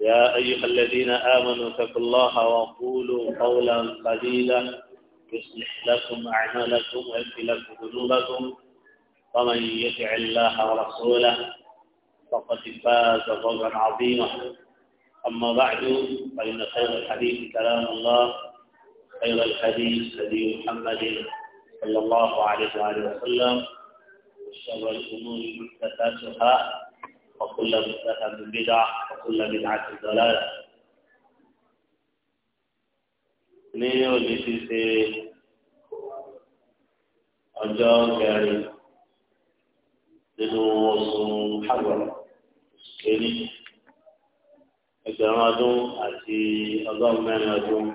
يا أيها الذين آمنوا اتقوا الله وقولوا قولا قليلا يصلح لكم أعمالكم ويغفر لكم ذنوبكم ومن يطع الله ورسوله فقد فاز فوزا عظيما أما بعد فإن خير الحديث كلام الله خير الحديث هدي محمد صلى الله عليه وآله وسلم وشر الأمور محدثاتها وكل مسلحة من بدعة وكل بدعة الزلالة نيني وليسي سي أجاو كاري لدو وصول حرم سكيني أجرادو أتي أضاو مانا دو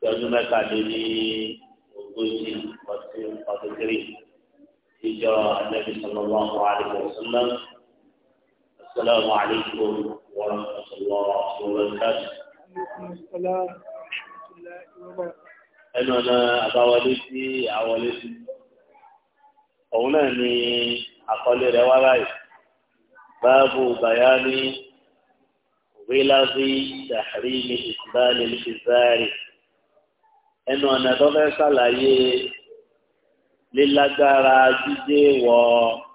سيادو مكا ديني وقوشي وقوشي وقوشي وقوشي وقوشي وقوشي وقوشي وقوشي وقوشي السلام عليكم ورحمة الله وبركاته ẹnu ọ̀nà àbáwọlé sí àwọlé sí òun náà ni àkọlé rẹ̀ wá báyìí báàbù bayani wíláàbí dàrí ní ìsìláàlì ìsìláàlì ẹnu ọ̀nà tó fẹ́ sàlàyé lílágbára jíjẹ́ wọ̀ọ́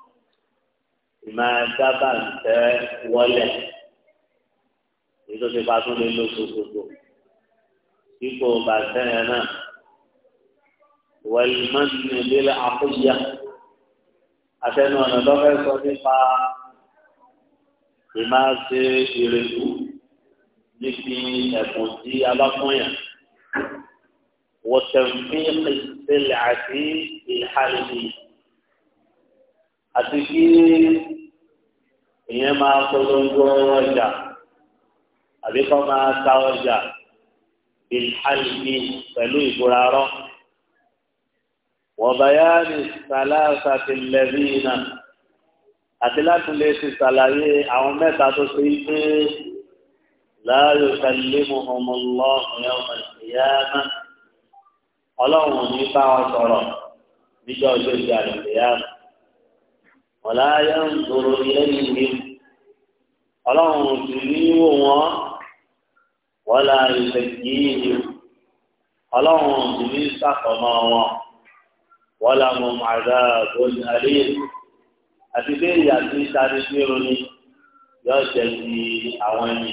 máa dábàá ń tẹ́ wọlé èyí tó ti fa tó lé lóṣù gbogbo ipò bàtẹ́ yẹn náà wọ́n máa ń nílé àkójá àtẹnu ọ̀nà lọ́fẹ́ sọ nípa ìmáa ṣe ìrètú níbi ẹ̀bùn tí a bá fún yàn wọ́n tẹ̀ ń fi ìpìlẹ̀ àti ìhàlẹ́ yìí àti kí ìyẹn máa polongo ọjà àbí kọ́ máa ta ọjà bilhalbi pẹ̀lú ìbúrarọ́ wọ̀bàyáni sàlàsà ti lẹ́bí iná àti láti lè ti sàlàyé àwọn mẹ́ta tó ṣe é pé láàyò kàlímù ọmọlọ́ ọ̀yọ́mọ̀ ìyáná ọlọ́run ní bá wọn sọ̀rọ̀ níjọ́ ọjọ́ ìjà ìyáná ọ̀la yẹ ń sọ̀rọ̀ lẹ́yìn mi ọlọ́run sì ní wò wọ́n wọ́lá ìṣèjì yìí ọlọ́run sì ní sàkọ́mọ́ wọn wọ́lá mo màdá bóyá àlẹ́ àti bẹ́ẹ̀ ìyá sáré fírun ni yóò jẹ́ ti àwọn ẹni.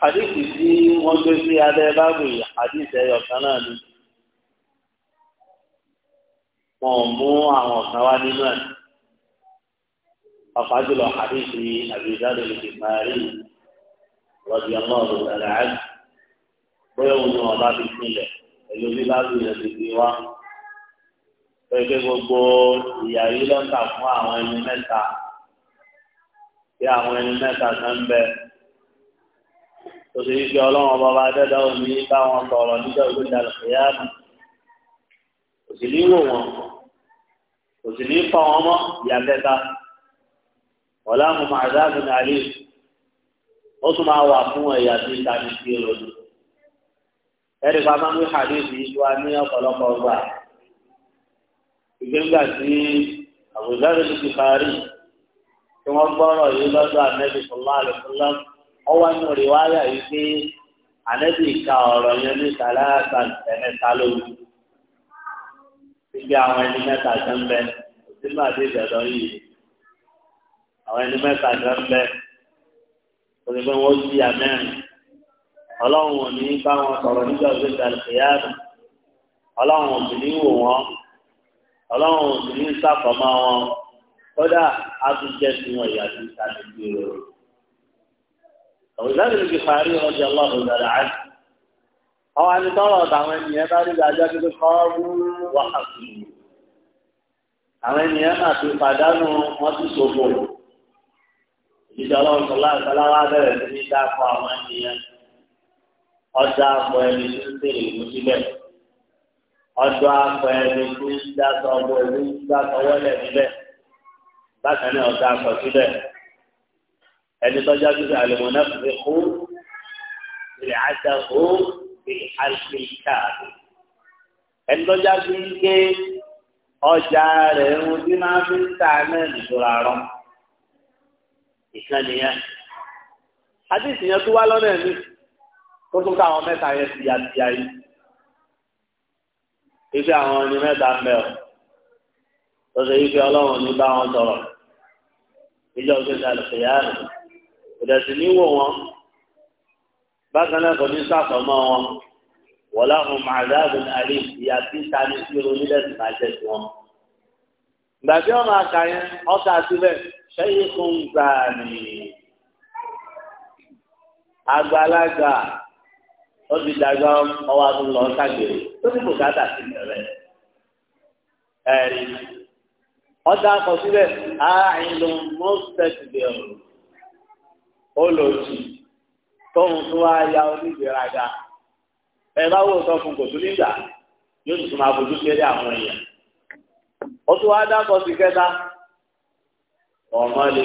Hadithi tí wọ́n gbé sí abẹ́ báàbù yìí, hadithi ẹ̀yọ̀ kan náà ni wọn ò mú àwọn ọ̀sán wá nínú ẹ̀ pàápàá jùlọ àdéhì àbíjáde lè fi parí lọ́dí ọmọ ọ̀rọ̀ ìdàlẹ́ àjù bóyá òun ni ọba fi sílẹ̀ pẹ̀lú bíbáàbí rẹ̀ ti fi wá pẹ̀lú gbogbo ìyá yìí lọ́tà fún àwọn ẹni mẹ́ta tí àwọn ẹni mẹ́ta kan bẹ tó ti fi ọlọ́wọ́n bọba dẹ́dá òní báwọn sọ̀rọ̀ níjọ́ ìgbésẹ̀ àlùfẹ́yàmù òsì níwò wọn kò sì ní fọ wọn mọ ìyàtẹta ọlá mo máa dáàbò ní alẹ́ ó tún máa wà fún ẹ̀yà tí ìta ní sí èrò ni ẹ̀rí bá máa ń wí hadith yìí wá ní ọ̀pọ̀lọpọ̀ ọgbà ìgbéǹgbà tí àbùdá rẹ̀ ti parí tí wọ́n gbọ́rọ̀ yìí lọ́dọ̀ ànẹ́bí sọlá àlùfọlá ọwọ́ inú rẹ̀ wáyà yìí pé ànẹ́bí ka ọ̀rọ̀ yẹn ní sàlẹ́ àgbà ẹ̀mẹ́ta lórí níbi àwọn ẹni mẹ́ta kan ń bẹ sínú àdéhùn yìí àwọn ẹni mẹ́ta kan ń bẹ òní pé wọ́n jí ọlọ́run ò ní bá wọn sọ̀rọ̀ nígbà tó ń ọlọ́run ò ní wò wọ́n ọlọ́run ò ní sàkọ́mọ́ wọn kódà á tún jẹ́ sí wọn ìyá tó ń sàlẹ̀ bí rẹ̀ òwúrọ̀ ọjà ọlọ́run dàda àti àwọn anitọ́rọ̀ àtàwọn ènìyàn bá rí ìdájọ́ tó kọ́ wà kàkú àwọn ènìyàn máa ti pàdánù wọn ti ṣòfò ìdíjọ́ ọlọ́run sọlá àtàlá wa bẹ̀rẹ̀ sí ní dáàbò àwọn ènìyàn ọjà àpò ẹni tó ń tèrè ìlú sílẹ̀ ọjọ́ àpò ẹni tó ń dáṣọ ọgbọ ìlú ń dáṣọ wọlé nílẹ̀ bákan náà ọjà àpò sílẹ̀ ẹni tọ́jà tó ṣe fi àṣẹ káàdì ẹni tó jáde wípé ọjà rẹ̀ ń tí máa fi ń ta náà nìjọra rọ ìkan nìyẹn àdìsí yẹn tó wá lọ́nà ẹ̀mí tó tún ká àwọn mẹ́ta yẹn ti yàtìyà yìí ife àwọn ọ̀nì mẹ́ta ń bẹ̀ ọ́ tó ife ọlọ́run ní bá wọn sọ̀rọ̀ ìjọ gbèsè àlùfẹ́yà rẹ̀ kò ní wò wọ́n bákan náà kò ní sàfọmọ wọn wọlé àwọn màdáàbùn àlè ìyá tí ń ta ní sírò nílẹ̀ tí máa jẹ sí wọn. ìgbà tí wọn máa kà yẹn ọkà síbẹ̀ gbà ní àgbàlagbà ó ti dàgbà ọwọ́ àtúnlọ ṣàgbèrè tó ti kò dáadáa sí ìrẹ̀lẹ̀ ẹ̀rí ọjà kọ síbẹ̀ àìlùmọ́sẹ̀tì bẹ̀rù ó lò sí. tóun tó wá ya onígbèraga ẹ bá wò sọ nígbà yóò tuntun máa bójú kéré àwọn èèyàn ó tún wá dákọ sí kẹta ọmọ lè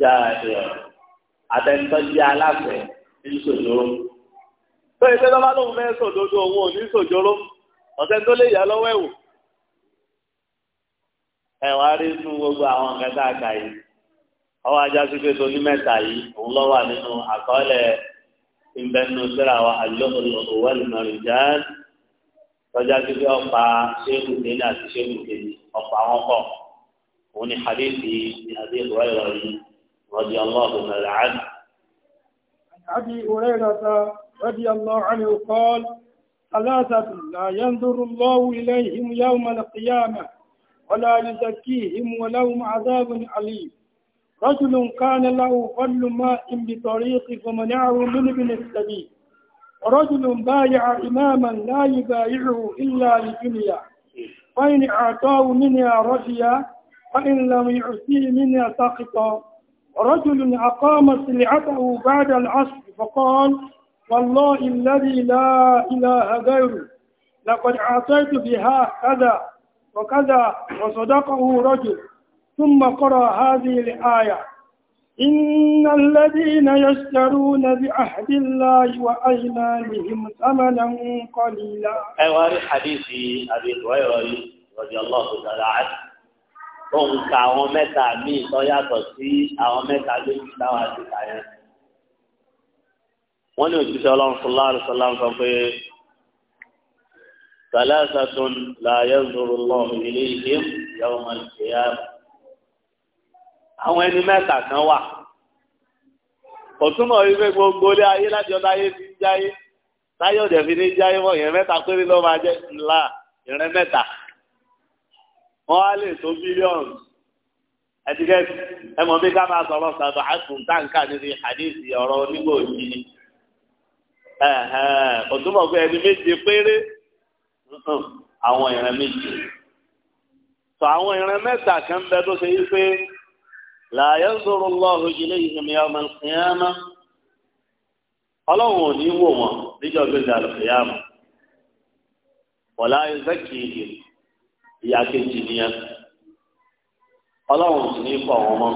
jáde ọ àtẹnudọ́jì tó tó bá lóun fẹ́ sòdodo òun ò ọwọ́ ajá pípé tó ní mẹ́ta yìí òun lọ wà nínú àkọọ́lẹ̀ ìbẹnu síra wa àlọ́ọ̀lọ́wọ́ ìmọ̀rìjáàd tọ́já pípé ọ̀pá ṣéèkù kéde àti ṣéèkù kéde ọ̀pá wọn kọ̀ òun ni hadithi ni àti ìwà ìwà yìí rọ̀dí ọlọ́ọ̀bù mẹ́rẹ̀ àdì. àbí òrèrọ̀ta rọ̀dí ọlọ́ọ̀hánì kọ́l ثلاثة لا ينظر الله إليهم يوم القيامة ولا يزكيهم ولهم عذاب أليم رجل كان له فل ماء بطريق فمنعه من ابن السبيل ورجل بايع إماما لا يبايعه إلا لدنيا فإن أعطاه منها رجيا فإن لم يعطيه منها ساقطا ورجل أقام سلعته بعد العصر فقال والله الذي لا إله غيره لقد أعطيت بها كذا وكذا وصدقه رجل ثم قرأ هذه الآية إن الذين يشترون بأحد الله وأيمانهم ثمنا قليلا أيوة حديث أبي هريرة رضي الله تعالى عنه òun ka àwọn mẹ́ta míì tó yàtọ̀ sí àwọn mẹ́ta lójú táwọn àtìkà yẹn. wọ́n ní òjíṣẹ́ ọlọ́run sọlá àlùsọ́lá ń sọ pé sàlẹ́sàtún làyẹ̀ ń zòrò lọ́ọ̀ ilé ìdí yàwó màlìkìyàmù. àwọn ẹni mẹ́ta kan wà òtúmọ̀ wípé gbogbo ilé ayé láti ọ̀dọ̀ ayé ti jáyé táyé ọ̀dẹ̀ fi ní wọ̀ yẹn mẹ́ta péré ló máa jẹ́ ńlá ìrìn mẹ́ta wọ́n á lè tó bílíọ̀nù ẹ̀dígẹ́sì ẹ̀mọ́ bí ká máa sọ̀rọ̀ sàdọ̀ àtún táǹkà níbi àdéhìí ọ̀rọ̀ onígbò yìí pé ẹni méje péré àwọn méje sọ àwọn mẹ́ta kan bẹ tó ṣe la yanzuru Allahu ilayhim yawm al-qiyamah ọlọ́run ò ní wò wọ́n níjọ́ gbẹ̀dẹ̀ àlùkìyàmù wọ̀lá ẹ̀zẹ́kì ìyá kejì nìyẹn ọlọ́run sì ní kọ̀ wọ́n mọ́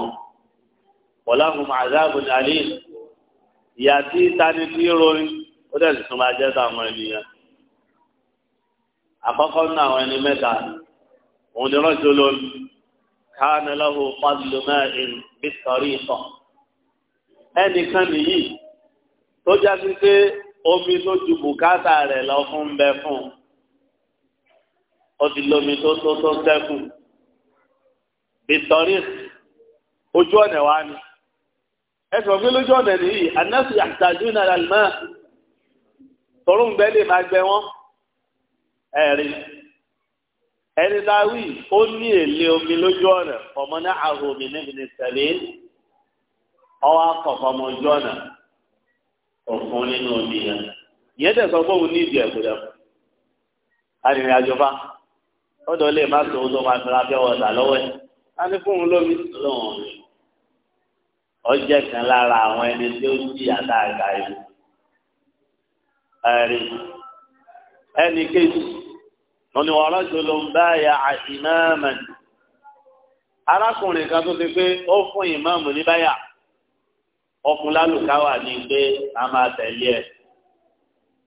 wọ̀lá hum azabun alim ìyá tí tani tí ròyìn ó dẹ̀ sì tún máa jẹ́ táwọn ènìyàn àkọ́kọ́ nínú àwọn ẹni mẹ́ta òun ni rọ́jò lónìí. كان له فضل ẹ̀rù bí sọ̀rí ìtọ̀. ẹnìkan nìyí tó jásí pé omi tó ju bùkátà rẹ̀ lọ fún bẹ fún ó ti lómi tó tó tó sẹ́kù bí sọ̀rí ojú ọ̀nà wa ni ẹsọ̀ gbé lójú ọ̀nà nìyí anásì àtàjú náírà lùmọ́ tọrùn bẹ́ẹ̀ lè máa gbẹ wọ́n ẹ̀rí ẹni dáwì ó ní èlé omi lójú ọ̀nà ọmọ náà àrò omi níbi ní tẹ̀lé ọwọ́ akọ̀kọ̀ ọmọ ojú ọ̀nà òfun nínú omi yẹn ìyẹn tẹ̀ sọ pé òun ní ìdí ẹ̀kọ́ dẹ̀ arìnrìn àjò bá ọ̀dọ̀ lè má sọ ohun tó máa lọ́wọ́ ẹ̀ á ní fún un lómi lọ́wọ́n rẹ̀ ọjẹ́ kan lára àwọn ẹni tí ó jí àdáàgà yìí ẹ̀rí kejì wọ́n ní wàhálà jòló ń bá ya ìmáàmà arákùnrin kan tó ti pé ó fún ìmáàmù ní báyà ọkùnrin lálùkáwà ní pé a máa tẹ̀lé ẹ̀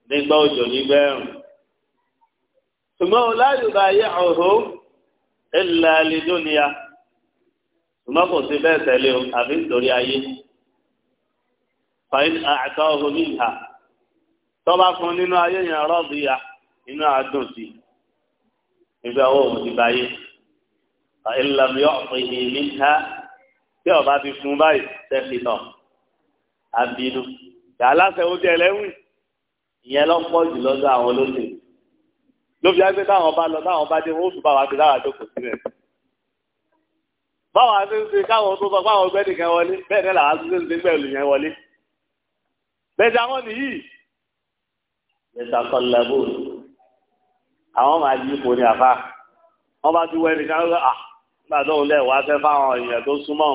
nígbà òjò nígbà ẹ̀rùn ṣùgbọ́n ọláyùbá yẹ ọ̀hún ẹ̀là àlejòníyà ṣùgbọ́n kò sí bẹ́ẹ̀ tẹ̀lé o àfi nítorí ayé fàyín àtọ́ ọ̀hún níta tọ́ba fún nínú ayé yẹn rọ́ọ̀bù yá inú àádùn sí i nígbà wo òun ti bá yé ìlànà yọ ọ̀pìn ìní ha tí ọba ti fún báyìí sẹ́fì náà àbínú aláṣẹ ojú ẹlẹ́wìn ìyẹn lọ pọ̀ jù lọ́dọ̀ àwọn olóṣèlú ló fi ágbé táwọn bá lọ táwọn bá dé wọn ó tún bá wa fi láwàá jókòó sílẹ̀ báwa ṣe ń ṣe káwọn tó sọ fáwọn ọgbẹ́ nìkan wọlé bẹ́ẹ̀ náà làwọn ṣe ń ṣe pẹ̀lú yẹn wọlé bẹ́ẹ̀ ni àwọn nìyí. mẹ́ta kọ́ lẹ́bùrù àwọn máa yí ipò ní àfa wọn bá ti wọ ẹnìkan lọ à ah, nígbà tó ń lẹ wá fẹ fáwọn èèyàn tó súnmọ́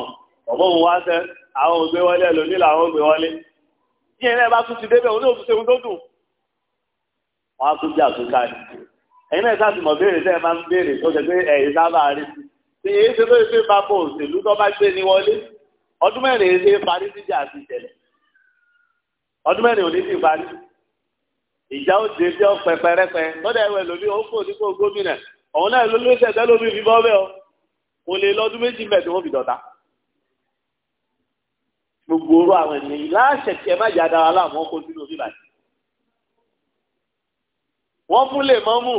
ọmọ òun wá fẹ àwọn ògbé wọlé ẹlòmí làwọn ògbé wọlé bí ẹni ẹ bá tún ti débẹ̀ òun náà tún ṣe tó dùn wọn á tún jà tún ká ní ẹ̀yin náà sáà ti mọ̀ béèrè tẹ́ ẹ máa ń béèrè tó ṣe pé ẹ̀yin sábà rí sí èyí ṣe lóye pé bá bọ òṣèlú tó bá gbé ni wọlé ọdún mẹ́rin ṣe parí ìjà ó dé bí ọ̀pẹ pẹrẹpẹ lọ́dọ̀ ẹ̀wẹ̀ lómi ó kò nípò gómìnà ọ̀hún náà ló ló ṣẹ̀ṣẹ̀ lómi fi bọ́ bẹ́ẹ̀ o kò lè lọ́dún méjì mẹ́ tí wọ́n fi dọ̀tá. gbogbo orú àwọn ènìyàn yìí láṣẹ tí ẹ má jà dára láwọn kó sínú omi báyìí. wọ́n fún lè mọ́ mú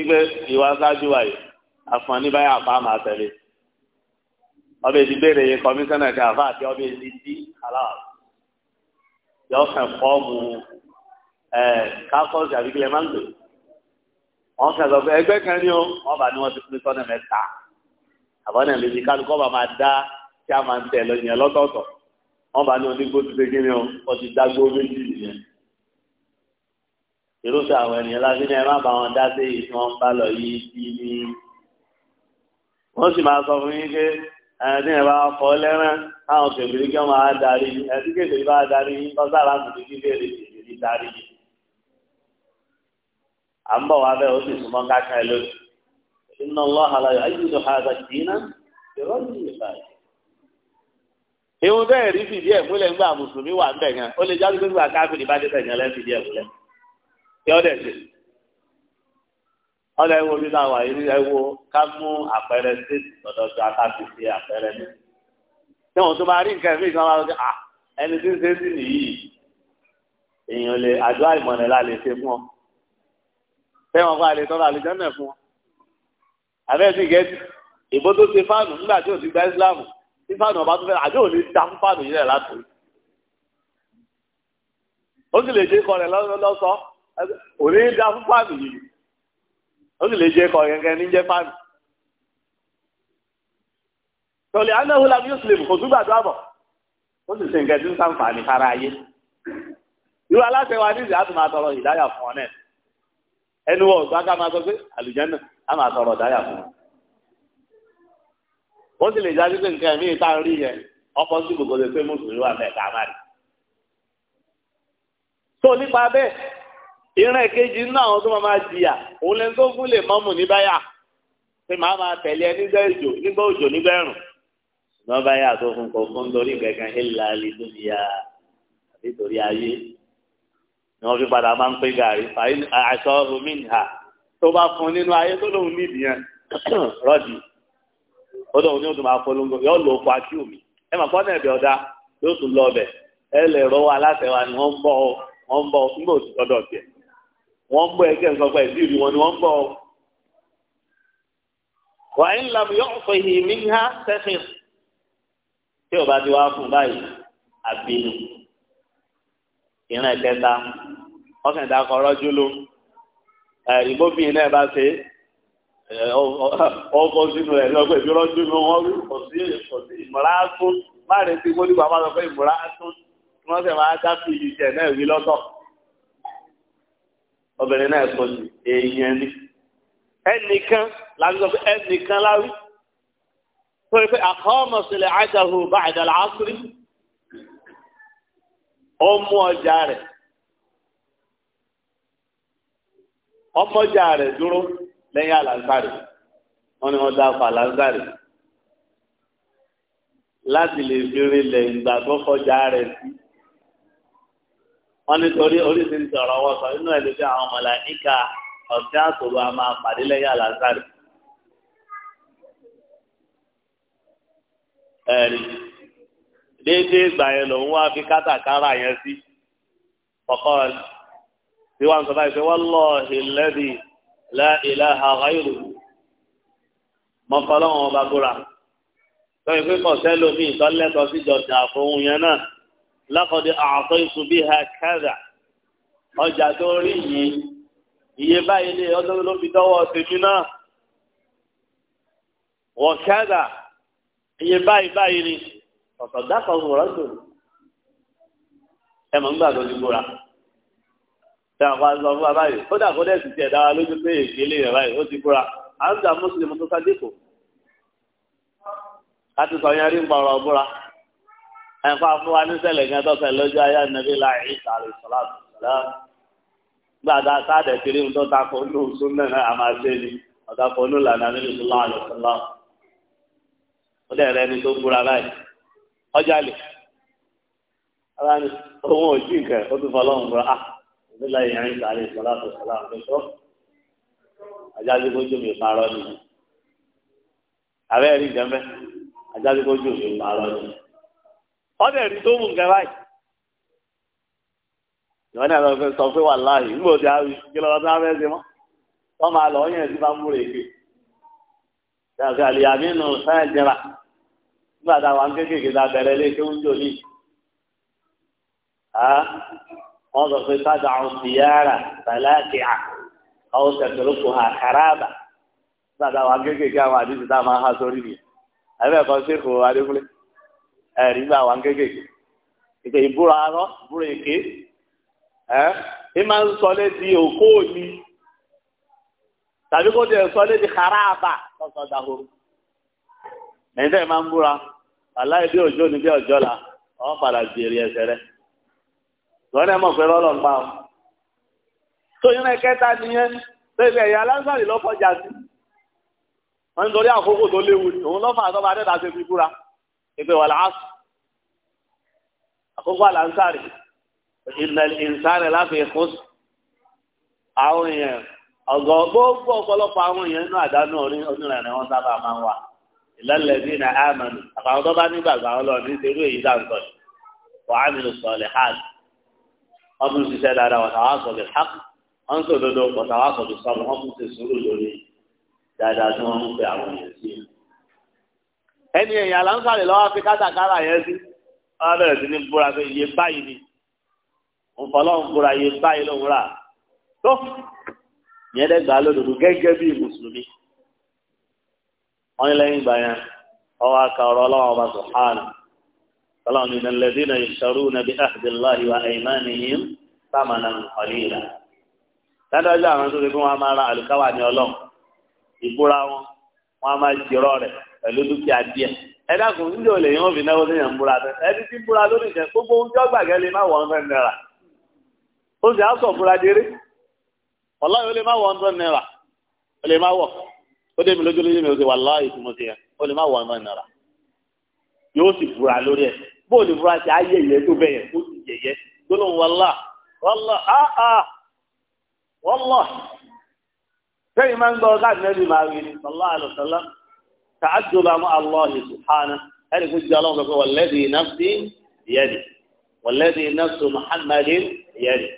ìgbẹ́ ìwà sáájú wa yìí àfọ̀nì báyà àpá máa tẹ̀lé ọbẹ̀ ti béèrè yẹn kọmíṣánná kan àfa káfọ́ọ̀sì àbíkílẹ̀ máa ń lò wọ́n kàn sọ pé ẹgbẹ́ kan ní o wọ́n bá ní wọ́n ti pín sọ́nà mẹ́ta àbọ̀nà méjì kálukọ́ bá máa dá tí a máa ń tẹ̀ lọ yẹn lọ́tọ̀ọ̀tọ̀ wọ́n bá ní onígbó ti pé kíni o wọ́n ti dágbó méjì yẹn irúfẹ́ àwọn ènìyàn láti ní ẹ má bá wọn dá sí èyí tí wọ́n ń bá lọ yìí bí ní wọ́n sì máa sọ fún yín pé ẹni ẹ bá fọ lẹ́rán káwọn kèbìrì kí wọ́n máa darí ẹni à ń bọ̀ wá bẹ́ẹ̀ ó sì súnmọ́ káàkiri lónìí inna Allaha la yu'ayyidu hadha ad-dina ìrọ́lù ìgbà yìí. ìhun bẹ́ẹ̀ rí fìdí ẹ̀ múlẹ̀ ńgbà mùsùlùmí wà ń bẹ̀ yẹn ó lè jáde gbégbà káfíìnì bá dẹ́sẹ̀ yẹn lẹ́fìdí ẹ̀ múlẹ̀ kí ọ́ dẹ̀ ṣe. ọ̀dọ̀ ẹni tí ń ṣe sí nìyí èèyàn lè àdúrà ìmọ̀nà fẹ́wọ̀n fún àlè tọ́lá àlejò náà fún wọn. àbẹ́sì gẹ́tì ìbò tó ṣe fáànù nígbà tí ò ti gba Islam tí fáànù ọba tó fẹ́ àjọ ò ní ta fún fáànù yìí rẹ̀ látò. ó sì lè jẹ́ ikọ̀ rẹ̀ lọ́sọ ò ní da fún fáànù yìí ó sì lè jẹ́ ikọ̀ kẹ̀kẹ́ ní jẹ́ fáànù. tọ́lẹ̀ anáwó làbí yóò sì lè kò túgbà tó àbọ̀ ó sì ṣe nǹkan tí ń sàǹfààní kára ayé. irú aláṣẹ wa ní ìyá àtúmọ̀ àtọrọ ìdáyà fún ọ náà ẹnu wọn ọ̀gbá ká máa sọ pé àlùjànnà á máa sọ̀rọ̀ dáyà fún un. ó sì lè jáde pé nǹkan ẹ̀mí ìta ń rí yẹn ọkọ̀ sí gbogbo lè pé mùsùlùmí wà bẹ́ẹ̀ ká máa rí. tó nípa bẹ́ẹ̀ ìran èkejì nínú àwọn tó máa jìyà òun lẹni tó fún lè mọ́mù ní báyà pé màá máa tẹ̀lé ẹ nígbà òjò nígbà òjò nígbà ẹ̀rùn ṣùgbọ́n báyà tó fún kò fún torí gẹ̀gẹ̀ ńlá lè lóbi àbí torí ayé ni wọ́n fi padà máa ń pé gàrí àṣọ romina tó bá fún nínú ayé tó lóun nídìí yẹn rọ́ọ̀dì ó lóun ní òtún máa polongo yóò lò ó pa kí omi ẹ mà pọ́n ẹ̀bẹ̀ ọ̀dà yóò tún lọ ọbẹ̀ ẹ lè rọwọ́ aláṣẹ wa ni wọ́n ń bọ̀ wọ́n ń bọ̀ nígbà òsì tọ́dọ̀ tiẹ̀ wọ́n ń bọ̀ ẹgbẹ́ nǹkan pẹ̀ sí ìlú wọn ni wọ́n ń bọ̀ wà ń lam yóò fẹ́ yìí mí ha sẹ́fìn tí ò bá ti wá fún báyìí àbínú ìran ẹ̀kẹta wọ́n kàn dá ọkọ̀ rọ́jú ló ìbóbìnrin náà bá ṣe ọkọ̀ sínú rẹ̀ ní ọgbẹ́ ìbírọ́jú ló wọ́n rí kò sí ìmọ̀ra tún má rẹ̀ sí kó nígbà má lọ pé ìmọ̀ra tún kí wọ́n sì máa dá sí ìjẹ náà wí lọ́tọ̀ obìnrin náà sọ sí èèyàn ni ẹnìkan láwùjọ pé ẹnìkan láwí tó yẹ pé àkọ́ọ̀mọ̀ sílẹ̀ àjàhù bá àjàlá àṣírí ó ọjà rẹ̀ ọmọjà rẹ̀ dúró lẹ́yìn àlàǹsàrì wọ́n ní dá láti lè fi rinlẹ̀ ìgbà tó kọjá rẹ̀ sí wọ́n nítorí oríṣiríṣi ọ̀rọ̀ wọn sọ inú ẹ̀ ló fi àwọn màláíkà ọ̀sẹ̀ àtòrò a máa pàdé lẹ́yìn àlàǹsàrì. déédéé yẹn lòun wá fi kátàkárà tí wọ́n sọ báyìí pé wallahi alladhi la ilaha ghayruhu mọ́kànlọ́wọ́n ọba búra lọ́yìn pé kọ̀ọ̀sẹ́ lómi ìtọ́lẹ́tọ̀ síjọ dààfó ohun yẹn náà laqad a'taytu biha kadha ọjà tó rí yìí iye báyìí lé ọdún ló fi dọ́wọ́ tèmi náà wa kadha iye báyìí báyìí ni ọ̀sọ̀ dákọ̀ ọ̀rọ̀ tó ẹ̀ mọ̀ ń gbàdọ̀ ìbúra. tẹ àwọn àgbà fún wa báyìí ó dà kọ́dẹ̀ sì tiẹ̀ dára lójú pé ìgbélé rẹ̀ báyìí ó ti búra à ń gbà mùsùlùmí tó sádìkù láti sọ yẹn rí ń pọ̀rọ̀ búra ẹ̀fọ́ afúnwa ní lọ́jọ́ ayé gbàdá sáàdẹ̀ kiri ń ní oṣù mẹ́rin ní ìlànà nílẹ̀ yẹn ń sáré sọlá tó sọlá tó tọ́ ajáde kójú mi parọ́ ni àbẹ́rẹ́ rí jẹ́mẹ́ ajáde kójú mi parọ́ ni ọ̀dẹ̀ rí tó mú nǹkan báyìí ìwọ́n náà lọ́ọ́ sọ pé wà láàyè nígbà tí a rí kí lọ́wọ́ tí wọ́n fẹ́ ṣe mọ́ wọ́n máa lọ yẹn tí bá ń múre ké ṣàfi àlìyàmí nù sáyẹn jẹrà nígbà táwọn kéékèèké ta bẹ̀rẹ̀ lé kéwúndò ní wọ́n sọ pé sábà àwọn tìyára tàlákì à àwọn tẹ̀sílùkù hà káràbà sábà àwọn kéékèèké àwọn àdìsí tá a máa ha sórí nìyẹn ẹ̀fẹ̀ kan ṣe kò adékúnlé ẹ̀rí gbà àwọn kéékèèké ìpè ìbúra arọ́ ìbúra èké ẹ̀ ẹ máa ń sọ lédi òkú òní tàbí kó tẹ̀ sọ lédi káràbà lọ́sọ̀ dàhóró ẹ̀ńtẹ́ máa ń búra aláìdí òjò ní bí ọjọ́ la wọ́n padà jèrè ẹsẹ̀ rẹ̀ wọn náà mọ̀ pé rọ́lọ̀ ń pa ọ́. tó yín náà kẹta nìyẹn bẹ́ẹ̀ ẹ̀yà lásàrì lọ́kọjà sí wọn nítorí àkókò tó léwu ni òun lọ́fà àtọ́ba adẹ́ta ṣe fi búra ìpè wà láàsù àkókò àlànsàrì ìnsàrì láfi ìkún àwọn èèyàn ọ̀gọ̀ gbogbo ọ̀pọ̀lọpọ̀ àwọn èèyàn inú àdánù onírànà wọn sábà máa ń wà ìlọ́lẹ̀bí na ámàlù tó bá nígbàgbọ́ àwọn ní ìṣerú èyí dáńtọ̀ wàá mi sọ̀lẹ̀ hàn wọ́n tún ṣiṣẹ́ dáadáa wọ́n tàwa sọ bí wọ́n sọ dodo wọ́n sọ bí wọ́n tún ṣe sùúrù lórí dáadáa tí wọ́n ń pè àwọn èèyàn sí. ẹni èèyàn aláǹsàlè lọ́wọ́ fi kátàkárà yẹn sí wọ́n bẹ̀rẹ̀ sí ní búra pé iye báyìí ni òun búra iye báyìí lòun rà tó yẹn dẹ́gbàá lódodo gẹ́gẹ́ bí mùsùlùmí wọ́n ní lẹ́yìn ìgbà yẹn ọwọ́ طلعوا من الذين يشترون بعهد الله وأيمانهم ثمنا قليلا هذا جاء من سورة كما ما رأى الكواني الله ìbúra wọn wọn a máa jìrọ rẹ pẹ̀lú dúkìá díẹ̀ ẹ dákun níbi ò lè yàn òfin náà wọlé yàn búra tẹ ẹni tí búra lórí ìjẹ gbogbo ohun tí ó gbàgẹ́ lè má wọ́n fẹ́ náírà ó sì á sọ búra déré ọlọ́yìn ó lè má wọ́n fẹ́ náírà ó lè má wọ̀ ó dé mi lójú lójú mi ó sì wà láàyè tí mo ti yàn ó lè má wọ́n fẹ́ náírà yóò sì búra lórí ẹ̀ bóòlù fúra ṣe ayẹyẹ tó bẹyẹ ó ti yẹyẹ gbólóhùn wàllá wàllá áá ah, ah, wàllá sẹ́yìn máa ń gbọ́ káàdì nẹ́bí máa rí ni sọlá àlùsọlá tààjù bá mú aláhi subhánà ẹni kò jẹ́ ọlọ́run pẹ̀lú wàlẹ́dì nàfsí yẹ́dì wàlẹ́dì nàfsí muhammadin yẹ́dì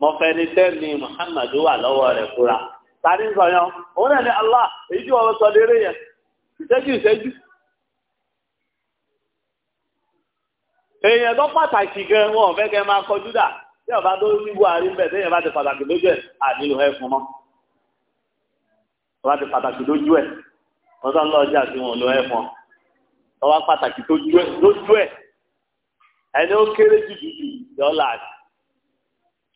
mọ̀fẹ́ni tẹ́ni muhammadu wà lọ́wọ́ rẹ̀ fúra tani sọ̀yàn òun náà ni allah èyí tí wọ́n sọ lérè yẹn ìṣẹ́jú ìṣẹ́jú. èèyàn tó pàtàkì gan wọn ọ̀fẹ́ kẹ́ máa kọjú dà tí ọba tó ní buhari bẹ̀ tẹ́yìn bá ti pàtàkì lójú ẹ̀ ànílò ẹ̀ fún mọ́ ọba ti pàtàkì lójú ẹ̀ wọ́n sọ lọ ọjà tí wọn lọ ẹ̀ fún ọba pàtàkì lójú ẹ̀ ẹni ó kéré jù jù jù yọ láàrin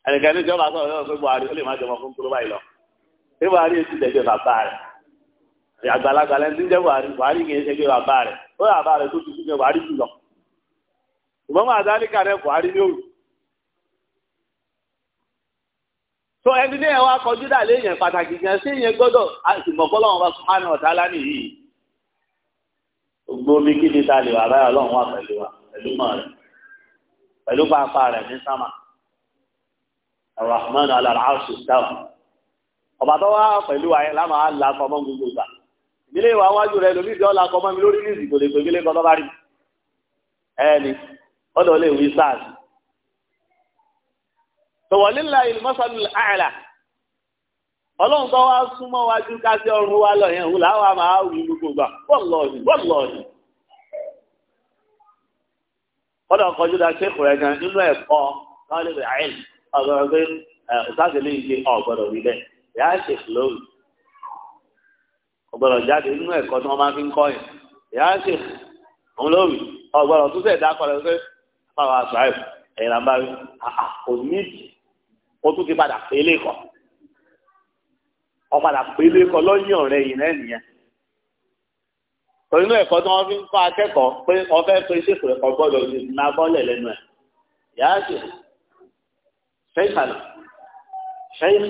ẹnìkan ní ìjọba sọ̀rọ̀ yọ̀ pé buhari ó lè má jọmọ fún kúrò báyìí lọ pé buhari èsì tẹ̀jọ́ bàbá rẹ̀ àgbàlagbà lẹ́ni tí ń jẹ́ buhari buhari kì í ṣe bàbá rẹ̀ ó yà bàbá rẹ̀ tó ti fún buhari jù lọ ṣùgbọ́n máa dálíkà rẹ̀ buhari ní òru tó ẹni ní ẹwà kọjú dà léèyàn pàtàkì gan sí ìyẹn gbọ́dọ̀ àtìmọ̀kọ́ lọ́wọ́ bá sùhánù ọ̀tá lánìí yìí gbogbo bí kí ni ta lè wà báyọ̀ ọlọ́run wà pẹ̀lú wa pẹ̀lú mọ̀ rẹ̀ pẹ̀lú pàápàá rẹ̀ ní sámà Ar-Rahman ala al-arshi istawa ọba tó wá pẹ̀lú wa yẹn lámà á la kọ́mọ́ gbogbo gbà ìdílé ìwà wájú rẹ̀ lómi ìdí ọ̀la kọ́mọ́ mi lórí ní ìsìnkú lè pè mí lé kọ́ ọ̀dọ̀ lè wí sáàsì. tọ̀wọ̀lélà ìlúmọ́sánú àìlà ọlọ́run tó wá súnmọ́ wájú ká sí ọrùn wa lọ yẹn hùlá wa máa wù ú gbogbo bọ́ọ̀lọ́ọ̀dì bọ́ọ̀lọ́ọ̀dì. ọ̀dọ̀ kọjú da ṣéèkù rẹ̀ gan nínú ẹ̀kọ́ káwọlé rẹ̀ àìl ọ̀gbọ̀n pé ọ̀sáàtìlẹ̀ ìṣe ọ̀gbọ̀dọ̀ rí bẹ́ẹ̀ yà á ṣe lóru ọ̀gbọ̀dọ̀ jáde nínú ẹ̀kọ́ tí wọ́n máa fi ń kọ́ yẹn yà òun lóru ọ̀gbọ̀dọ̀ tún sẹ̀ dá kọ́ fáwọn aṣáájú ẹ̀yìn làǹbá rí àà kò nídìí ó tún ti padà pélé kọ ọ̀padà pélé kọ lọ́yìn ọ̀rẹ́ yìí náà nìyẹn torí inú ẹ̀kọ́ tí wọ́n fi ń kọ́ akẹ́kọ̀ọ́ pé ọfẹ́ pé ṣètò ẹ̀kọ́ gbọ́dọ̀ ní ìsinmi abọ́lẹ̀ lẹ́nu ẹ̀ yàá ṣe ṣẹ́yìnkàlẹ̀ ṣẹ́yìn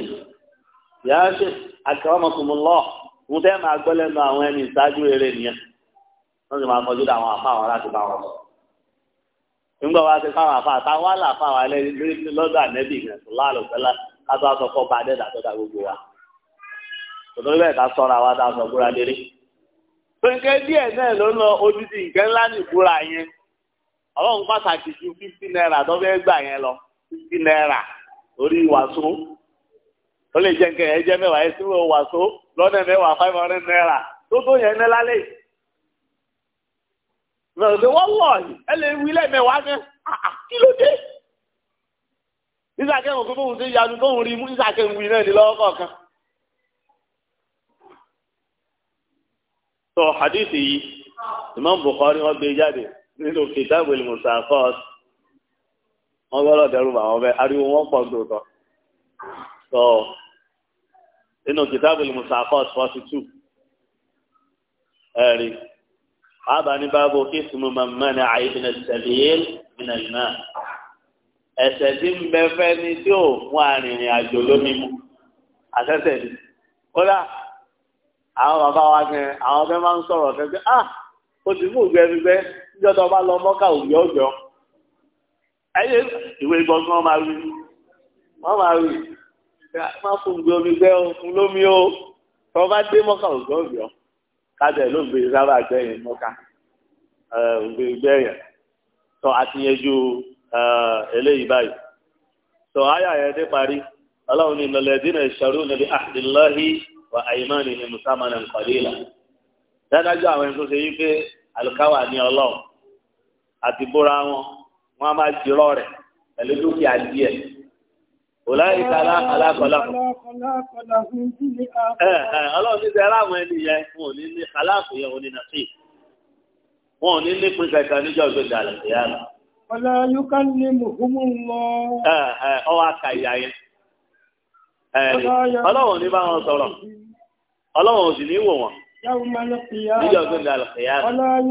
yàá ṣe àkẹ́wọ́mọkùnmọ́lọ́ ń tẹ́ máa gbọ́ lẹ́nu àwọn ẹni ìṣáájú rere nìyẹn wọ́n sì máa kọjú dá àwọn àfa àwọn láti bá wọn sọ nígbà wa ti fáwọn afa àtàwọn àlàfà wa lọ́dọ̀ ànẹ́bì yẹn sọlá àlùfẹ́lá kátó aṣọ kọ́ bá dẹ́dà tó dá gbogbo wa tòtò bẹ́ẹ̀ ká sọ́ra wa tá sọ búra lérí. pínpín díẹ̀ náà ló ń lọ odidi nǹkan ńlá ní ìbúra yẹn ọlọ́run pàtàkì ju fifty naira tó fẹ́ gbà yẹn lọ fifty naira lórí wàásù ó lè jẹ́ nǹkan yẹn jẹ́ mẹ́wàá yẹn sí wàásù lọ́nà mẹ́wàá five hundred naira tó tó yẹn ní lálẹ́ yìí rẹ̀ pé wọ́n wọ̀ yìí ẹ lè wí lẹ́ẹ̀mẹ́wàá ní ah, ah, kí ló dé. ìsàkẹ́ òkú tóun ṣe yanu tóun rí mú ìsàkẹ́ ń wí náà ní lọ́wọ́ kọ̀ọ̀kan. sọ hadith yìí Imam Bukhari wọn gbé jáde nínú Kitabul Musaqat wọn gbọ́dọ̀ dẹrù bàwọn bẹ ariwo wọn pọ̀ gbòòtọ sọ nínú Kitabul Musaqat forty two ẹ̀rí àbá ní báàbò kí sùnmù màmá ní àìsàn ìṣẹ̀lẹ̀ nínú iná ẹ̀ṣẹ̀ tí ń bẹ fẹ́ ni tí ò fún arìnrìn àjò lómi mu àtẹ́tẹ̀ ni kódà àwọn bàbá wa kan àwọn fẹ́ máa ń sọ̀rọ̀ kẹ́kẹ́ ah o ti mú ìgbẹ́ gbígbẹ́ níjọ́ bá lọ mọ́kà òjò òjò ẹyẹ ìwé gbọ̀ngàn máa wí wọ́n máa wí má fún gbé omi gbẹ́ o fún lómi o tó bá dé mọ́kà òjò òjò tábẹ̀ ló ń gbé sábà gbẹ̀yìn mọ́ká gbé gbẹ̀yìn tó àtìyẹjú eléyìí báyìí tó àyà yẹn dé parí ọlọ́run ní lọ́lẹ́dínà ìṣòro níbi àdìláhì wà àyèmánì ní musamman nkọ̀lélà dájú àwọn ẹni tó ṣe yí pé àlùkáwà ní ọlọ́run àti búra wọn wọn a máa jìrọ̀ rẹ̀ pẹ̀lú dúkìá díẹ̀. Òláyé kálá alákọ̀ọ́lákọ̀. Ọlọ́run ti sẹ́ra àwọn ẹni yẹn wọn ò ní ní aláàfin yẹn òní nà sí. Wọn ò ní ní pín kankan níjọ́ gbẹ̀dẹ̀ àlàyé àná. Ọlá yóká ní mùkúmù lọ. Ọwọ́ aka ìyá yẹn. Eh, Ọlọ́run ò ní bá wọn sọ̀rọ̀. Ọlọ́run ò sì ní wò wọ́n. Níjọ́ tó ń da àlùkìyà. Ọlọ́run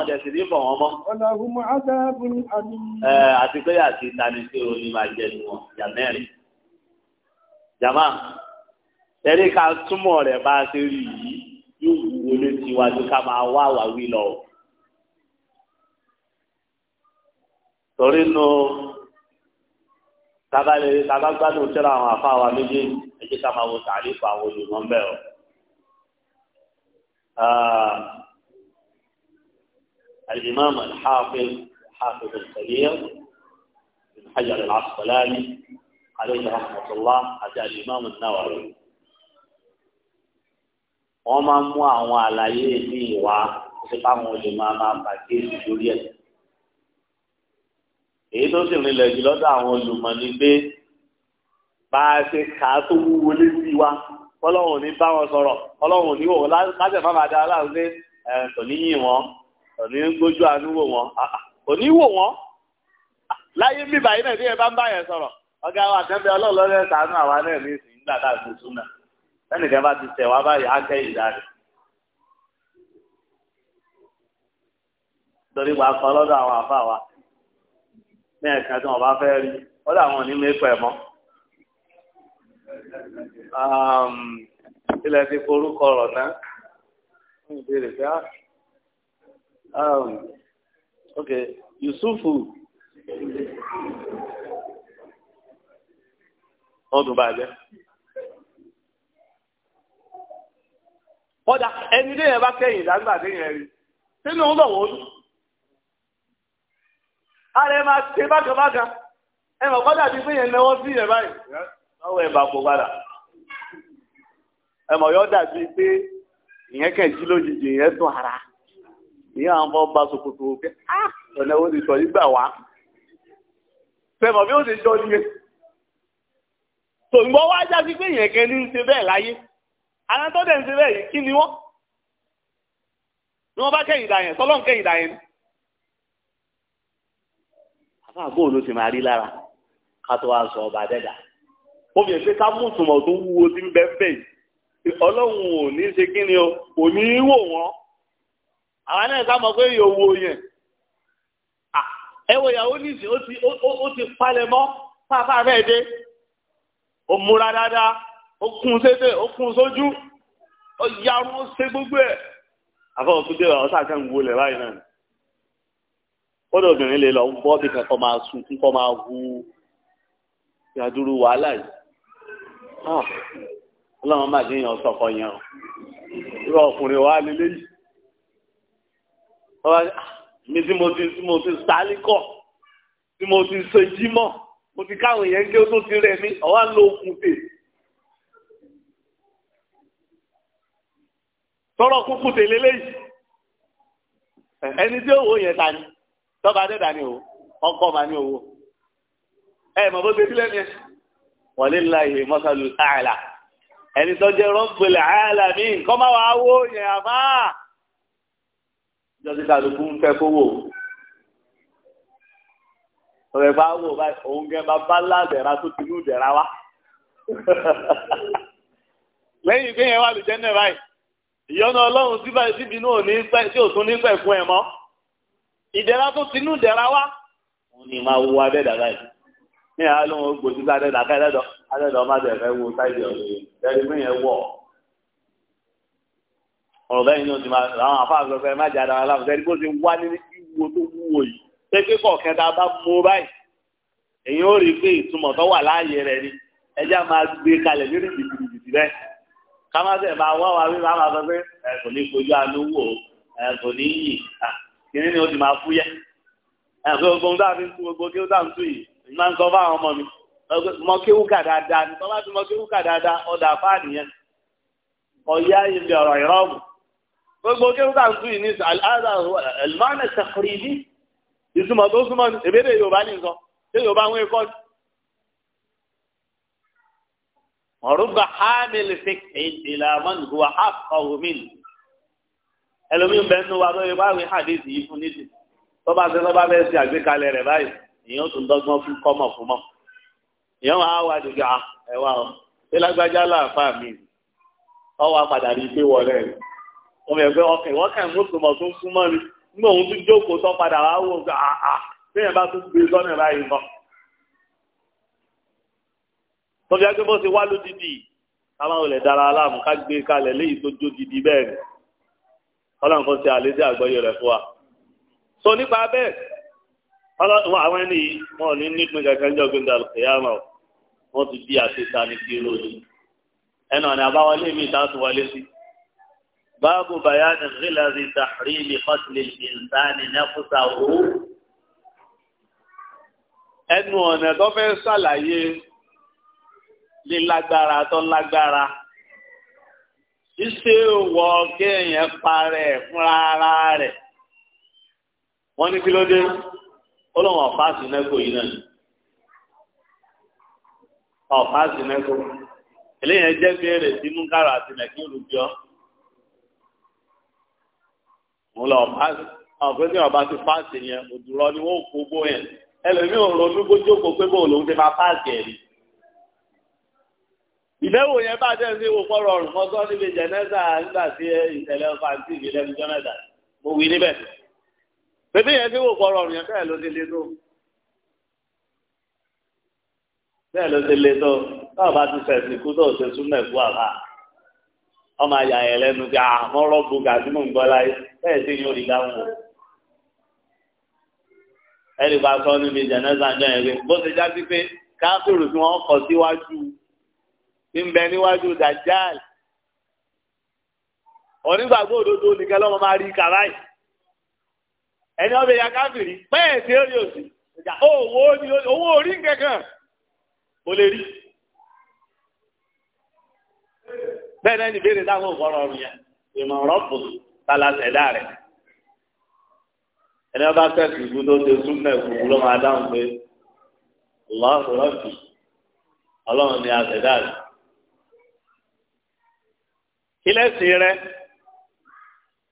ọ̀dẹ̀ sì ní bọ̀ wọ́n mọ́. Àti pé àti ìtani tí o ní máa jẹ nu wọn, ìyá mẹ́rin. Jàmá, ẹ̀rí ká túmọ̀ rẹ̀ bá a ṣe rí yìí yóò wúwo létí wa tó ká máa wá àwáwí lọ. Torí nu tábàgbádùn tẹ́lẹ̀ àwọn àfa méjèèjì, ẹ ká máa wo tàrífù àwọn olùmọ̀ bẹ́ẹ̀ o. الإمام الحافظ حافظ الكبير بن حجر العسقلاني عليه رحمة الله أتى الإمام النووي wọ́n máa ń mú àwọn àlàyé ní ìwà tí káwọn olè máa máa pàkíyèsí lórí ẹ̀. èyí tó sì rìnlẹ̀ jù lọ́dọ̀ àwọn olùmọ̀ ni pé bá a ṣe kà á tó wúwo létí wa ọlọ́run ní bá wọn sọ̀rọ̀ ọlọ́run ní wò wọn láṣẹ fáwọn adá aláwọ̀ pé kò ní yìn wọn kò ní gbójú àánú wò wọn kò ní wò wọn láyé bí báyìí náà tí ẹ bá ń bá yẹn sọ̀rọ̀ ọ̀gá wa àtẹ́fẹ́ ọlọ́ọ̀lọ́rẹ́ sàánú àwa náà ní ìsìn nígbà tá a ti sún náà lẹ́nìkan bá ti tẹ̀ wá báyìí á kẹ́ ìdá rẹ̀ torí wàá kọ́ lọ́dọ̀ àwọn àfa wa ní ẹ̀ka tí wọ́n bá fẹ́ rí ọ̀dọ̀ àwọn onímọ̀ Um, ilẹ̀ ti forúkọ ọ̀rọ̀ náà wọ́n ń béèrè pé ah, um, ok Yusufu wọ́n tún bá a jẹ́. kọ́dà ẹni lé yẹn bá kẹ́yìn ìdágbà déyìn ẹ̀rí sínú ń lọ̀wọ́ ojú. ara ẹ máa ṣe bákan bákan ẹ mọ̀ kọ́dà bíi pé yẹn náwó sí yẹn báyìí. lọ́wọ́ ẹ̀ bá kó padà ẹ mọ̀ dàbí pé ìyẹn lójijì ìyẹn tún ara ìyẹn àwọn ọmọ bá òkè ọ̀nà ó ti sọ nígbà wá fẹ́mọ̀ bí ó ti jọ nìyẹn tòǹgbọ́ wá pé ìyẹn kẹ́ ní ń ṣe bẹ́ẹ̀ láyé ara tó dẹ̀ ń ṣe bẹ́ẹ̀ yìí kí ni wọ́n ni wọ́n bá kẹ́yìn kẹ́yìn ni àbá ló ti sọ ọba ó fi ẹ̀ṣẹ́ ká mú ìtumọ̀ tó wúwo sí bẹ́ẹ̀ ọlọ́run ò ní ṣe kí ni o ò ní wò wọ́n àwọn náà ká mọ̀ pé ìyòwò yẹn ẹwọ ìyàwó nìsí ó ti palẹ̀ mọ́ pàápàá rẹ̀ dé ó múra dáadáa ó kún sédè ó kún sójú ó yarun ó ṣe gbogbo ẹ̀ àfọwọ́ tó dé ọ̀rọ̀ sáà kàn wọlé báyìí náà kọ́dọ̀ obìnrin lè lọ bọ́ bí máa sunkún kọ́ máa hu ìyàdúró wàhálà yìí Ah, ọlọ́run má jẹ́ yàn sọ̀kọ̀ yẹn o irọ́ ọkùnrin wa lélẹ́ yìí ọba mi tí mo ti tí mo ti sálíkọ̀ tí mo ti sọ jímọ̀ mo ti káwọn èèyàn gé tó ti rẹ̀ mí ọ̀wá ń lo okùn tè tọrọ kúkú tè lélẹ́ yìí ẹni tí ó yẹn ta ni tọ́ba dẹ́ta ni o ọkọ̀ ma ni owó ẹ mọ̀ bó ṣe bí lẹ́nu yẹn walillahi masalul a'la ẹni tó jẹ́ rabbil alamin kọ́ máa wà á wó yẹn àbá jọ́sí kálukú ń fẹ́ kó wò ọ̀rẹ́ bá wò báyìí òun gẹ́ bá bá ládẹ̀ra tó ti ní ìdẹ̀ra wá lẹ́yìn pé yẹn wà lùjẹ́ náà báyìí ìyọ́nà ọlọ́run síbi náà ní pẹ́ tí òtún ní pẹ̀ fún ẹ mọ́ ìdẹ̀ra tó ti ní ìdẹ̀ra wá òun ni máa wo abẹ́ dàgbà yìí ní ìhà ló ń gbòòsí sí adẹ́dọ̀ má dẹ̀ fẹ́ wo sáìdì ọ̀rọ̀ ẹni mí wọ̀ ọ̀rọ̀ bẹ́ẹ̀ ni o ti máa àwọn afáàgbẹ̀ fẹ́ má jáde ara láwọn sẹ́ni bó ti wá ní ìwo tó wúwo yìí pépé kọ̀ọ̀kẹ́ tá a bá mú báyìí èyí ó rí i pé ìtumọ̀ tó wà láàyè rẹ̀ ni ẹjẹ́ máa gbé kalẹ̀ lórí jìbìtìbìtì rẹ̀ ká má sẹ̀ máa wá wa wíwá máa sọ pé ní kojú àánú wò ẹ ní yì kíní o ti máa fúyẹ́ ẹ kò gbóhùn dáa fi ń tú gbogbo kí ó dáa ń tú yìí máa ń sọ fáwọn ọmọ mi mọ kéwú kà dáadáa ní tọ́lá ti mọ kéwú kà dáadáa ọ̀dà fáàlì yẹn ọ̀yá ibi ọ̀rọ̀ ìrọ́mù gbogbo kéwú kà ń tún yìí ní aláàdá ẹ̀lmánà sẹ̀kùrì ní ìtumọ̀ tó súnmọ́ ní ìbéèrè Yorùbá ní sọ ṣé Yorùbá ń wé kọ́ ni. ọ̀rùbà hámìlì fíkì ìlàmọ́ ní wà á kọ̀ ẹlòmíín bẹ́ẹ̀ ní wa lóye báwí hàdí ìyẹn ó tún dọ́gbọ́n fún kọ́mọ̀ fún mọ́ ìyẹn wọn á wá dùgbà ẹ wá ọ ṣé lágbájá láàfà mi ọ wá padà rí pé wọlé rẹ wọn bẹ fẹ ọkàn wọn kàn mú tòmọ tó ń fún mọ ni nígbà òun tún jókòó tó padà wá wò ó àà bẹ́ẹ̀ bá tún gbé lọ́nà báyìí mọ́ tọ́jú ẹgbẹ́ bó ṣe wá lódìdí káwọn olè dára aláàmú ká gbé kalẹ̀ léyìí tó jó didi bẹ́ẹ̀ ni ọlọ́run kan ṣe àlejò àgbọ́yé rẹ̀ fún wa. sọ nípa bẹ́ẹ̀ ọlọ́run àwọn ẹni wọn ò ní nípìn kankan jọ gbẹndà kìyàmọ wọn ti di àtẹta ní kí ló ní ẹnu ọ̀nà àbáwọlé mi ta tó wọlé sí. báàbù bayani gíláàsì tàhírí ní kọ́sìlì ìsáni nẹ́fúsà owó. ẹnu ọ̀nà tó fẹ́ ṣàlàyé lílágbára tó lágbára ṣíṣe wọ kéèyàn parẹ́ fúnra rẹ̀ wọ́n ní kí ló ọlọ́wọ́n ọ̀fáàsì nẹ́kọ̀ yìí náà ọ̀fáàsì nẹ́kọ̀ eléyìí jẹ́ béèrè sí múkàrà àti nàkí olùbíọ́ mo lọ ọ̀fáàsì àwọn ní ọba ti fáàsì yẹn òdùrọ̀ ni wọ́n kó bó yẹn ẹlòmíì ronú bójú kó pé bóun lòún ti máa fáàsì ẹ̀ rí ìbẹ̀wò yẹn bá dẹ́ sí ìwò fọ́rọ̀ ọ̀rùn mọ́tọ́ níbi jẹ̀nẹ́sà nígbà tí ìṣẹ̀lẹ̀ ọ̀fà bébí yẹn fi wò pọ̀ rọrùn yẹn bẹ́ẹ̀ ló ti le tó bẹ́ẹ̀ ló ti le tó táwọn bá ti sẹ̀sìn kú tó ṣe súnmọ̀ ẹ̀kú àbá ọmọ àyà ẹ̀ lẹ́nu bí àmọ́rọ́ ah, bu gàdí mò ń gbọ́ láyé bẹ́ẹ̀ sì yóò rí dáhùn o ẹnì bá sọ níbi jẹ̀nẹ́sà ń jẹ́ yẹn pé bó ṣe já sí pé káfíìrù tí wọ́n kọ̀ síwájú ti ń bẹ níwájú dàjáàlì onígbàgbọ́ òdodo nìkan lọ́mọ máa rí kàráì ẹni ọbẹ̀ ya káfìrí pẹ́ẹ̀ tí ó rí òsì owó orí kankan kò lè rí bẹ́ẹ̀ náà ní ìbéèrè táwọn ọ̀rọ̀ ọ̀rùn yẹn ìmọ̀ràn bò tala ṣẹ̀dá rẹ̀ ẹni ọba fẹ́ẹ̀sì ìlú tó ṣe súnmẹ̀ fún ló máa dáhùn pé ọlọ́run rọ́ọ̀kì ọlọ́run ni a rẹ̀ kí lẹ́sìn rẹ̀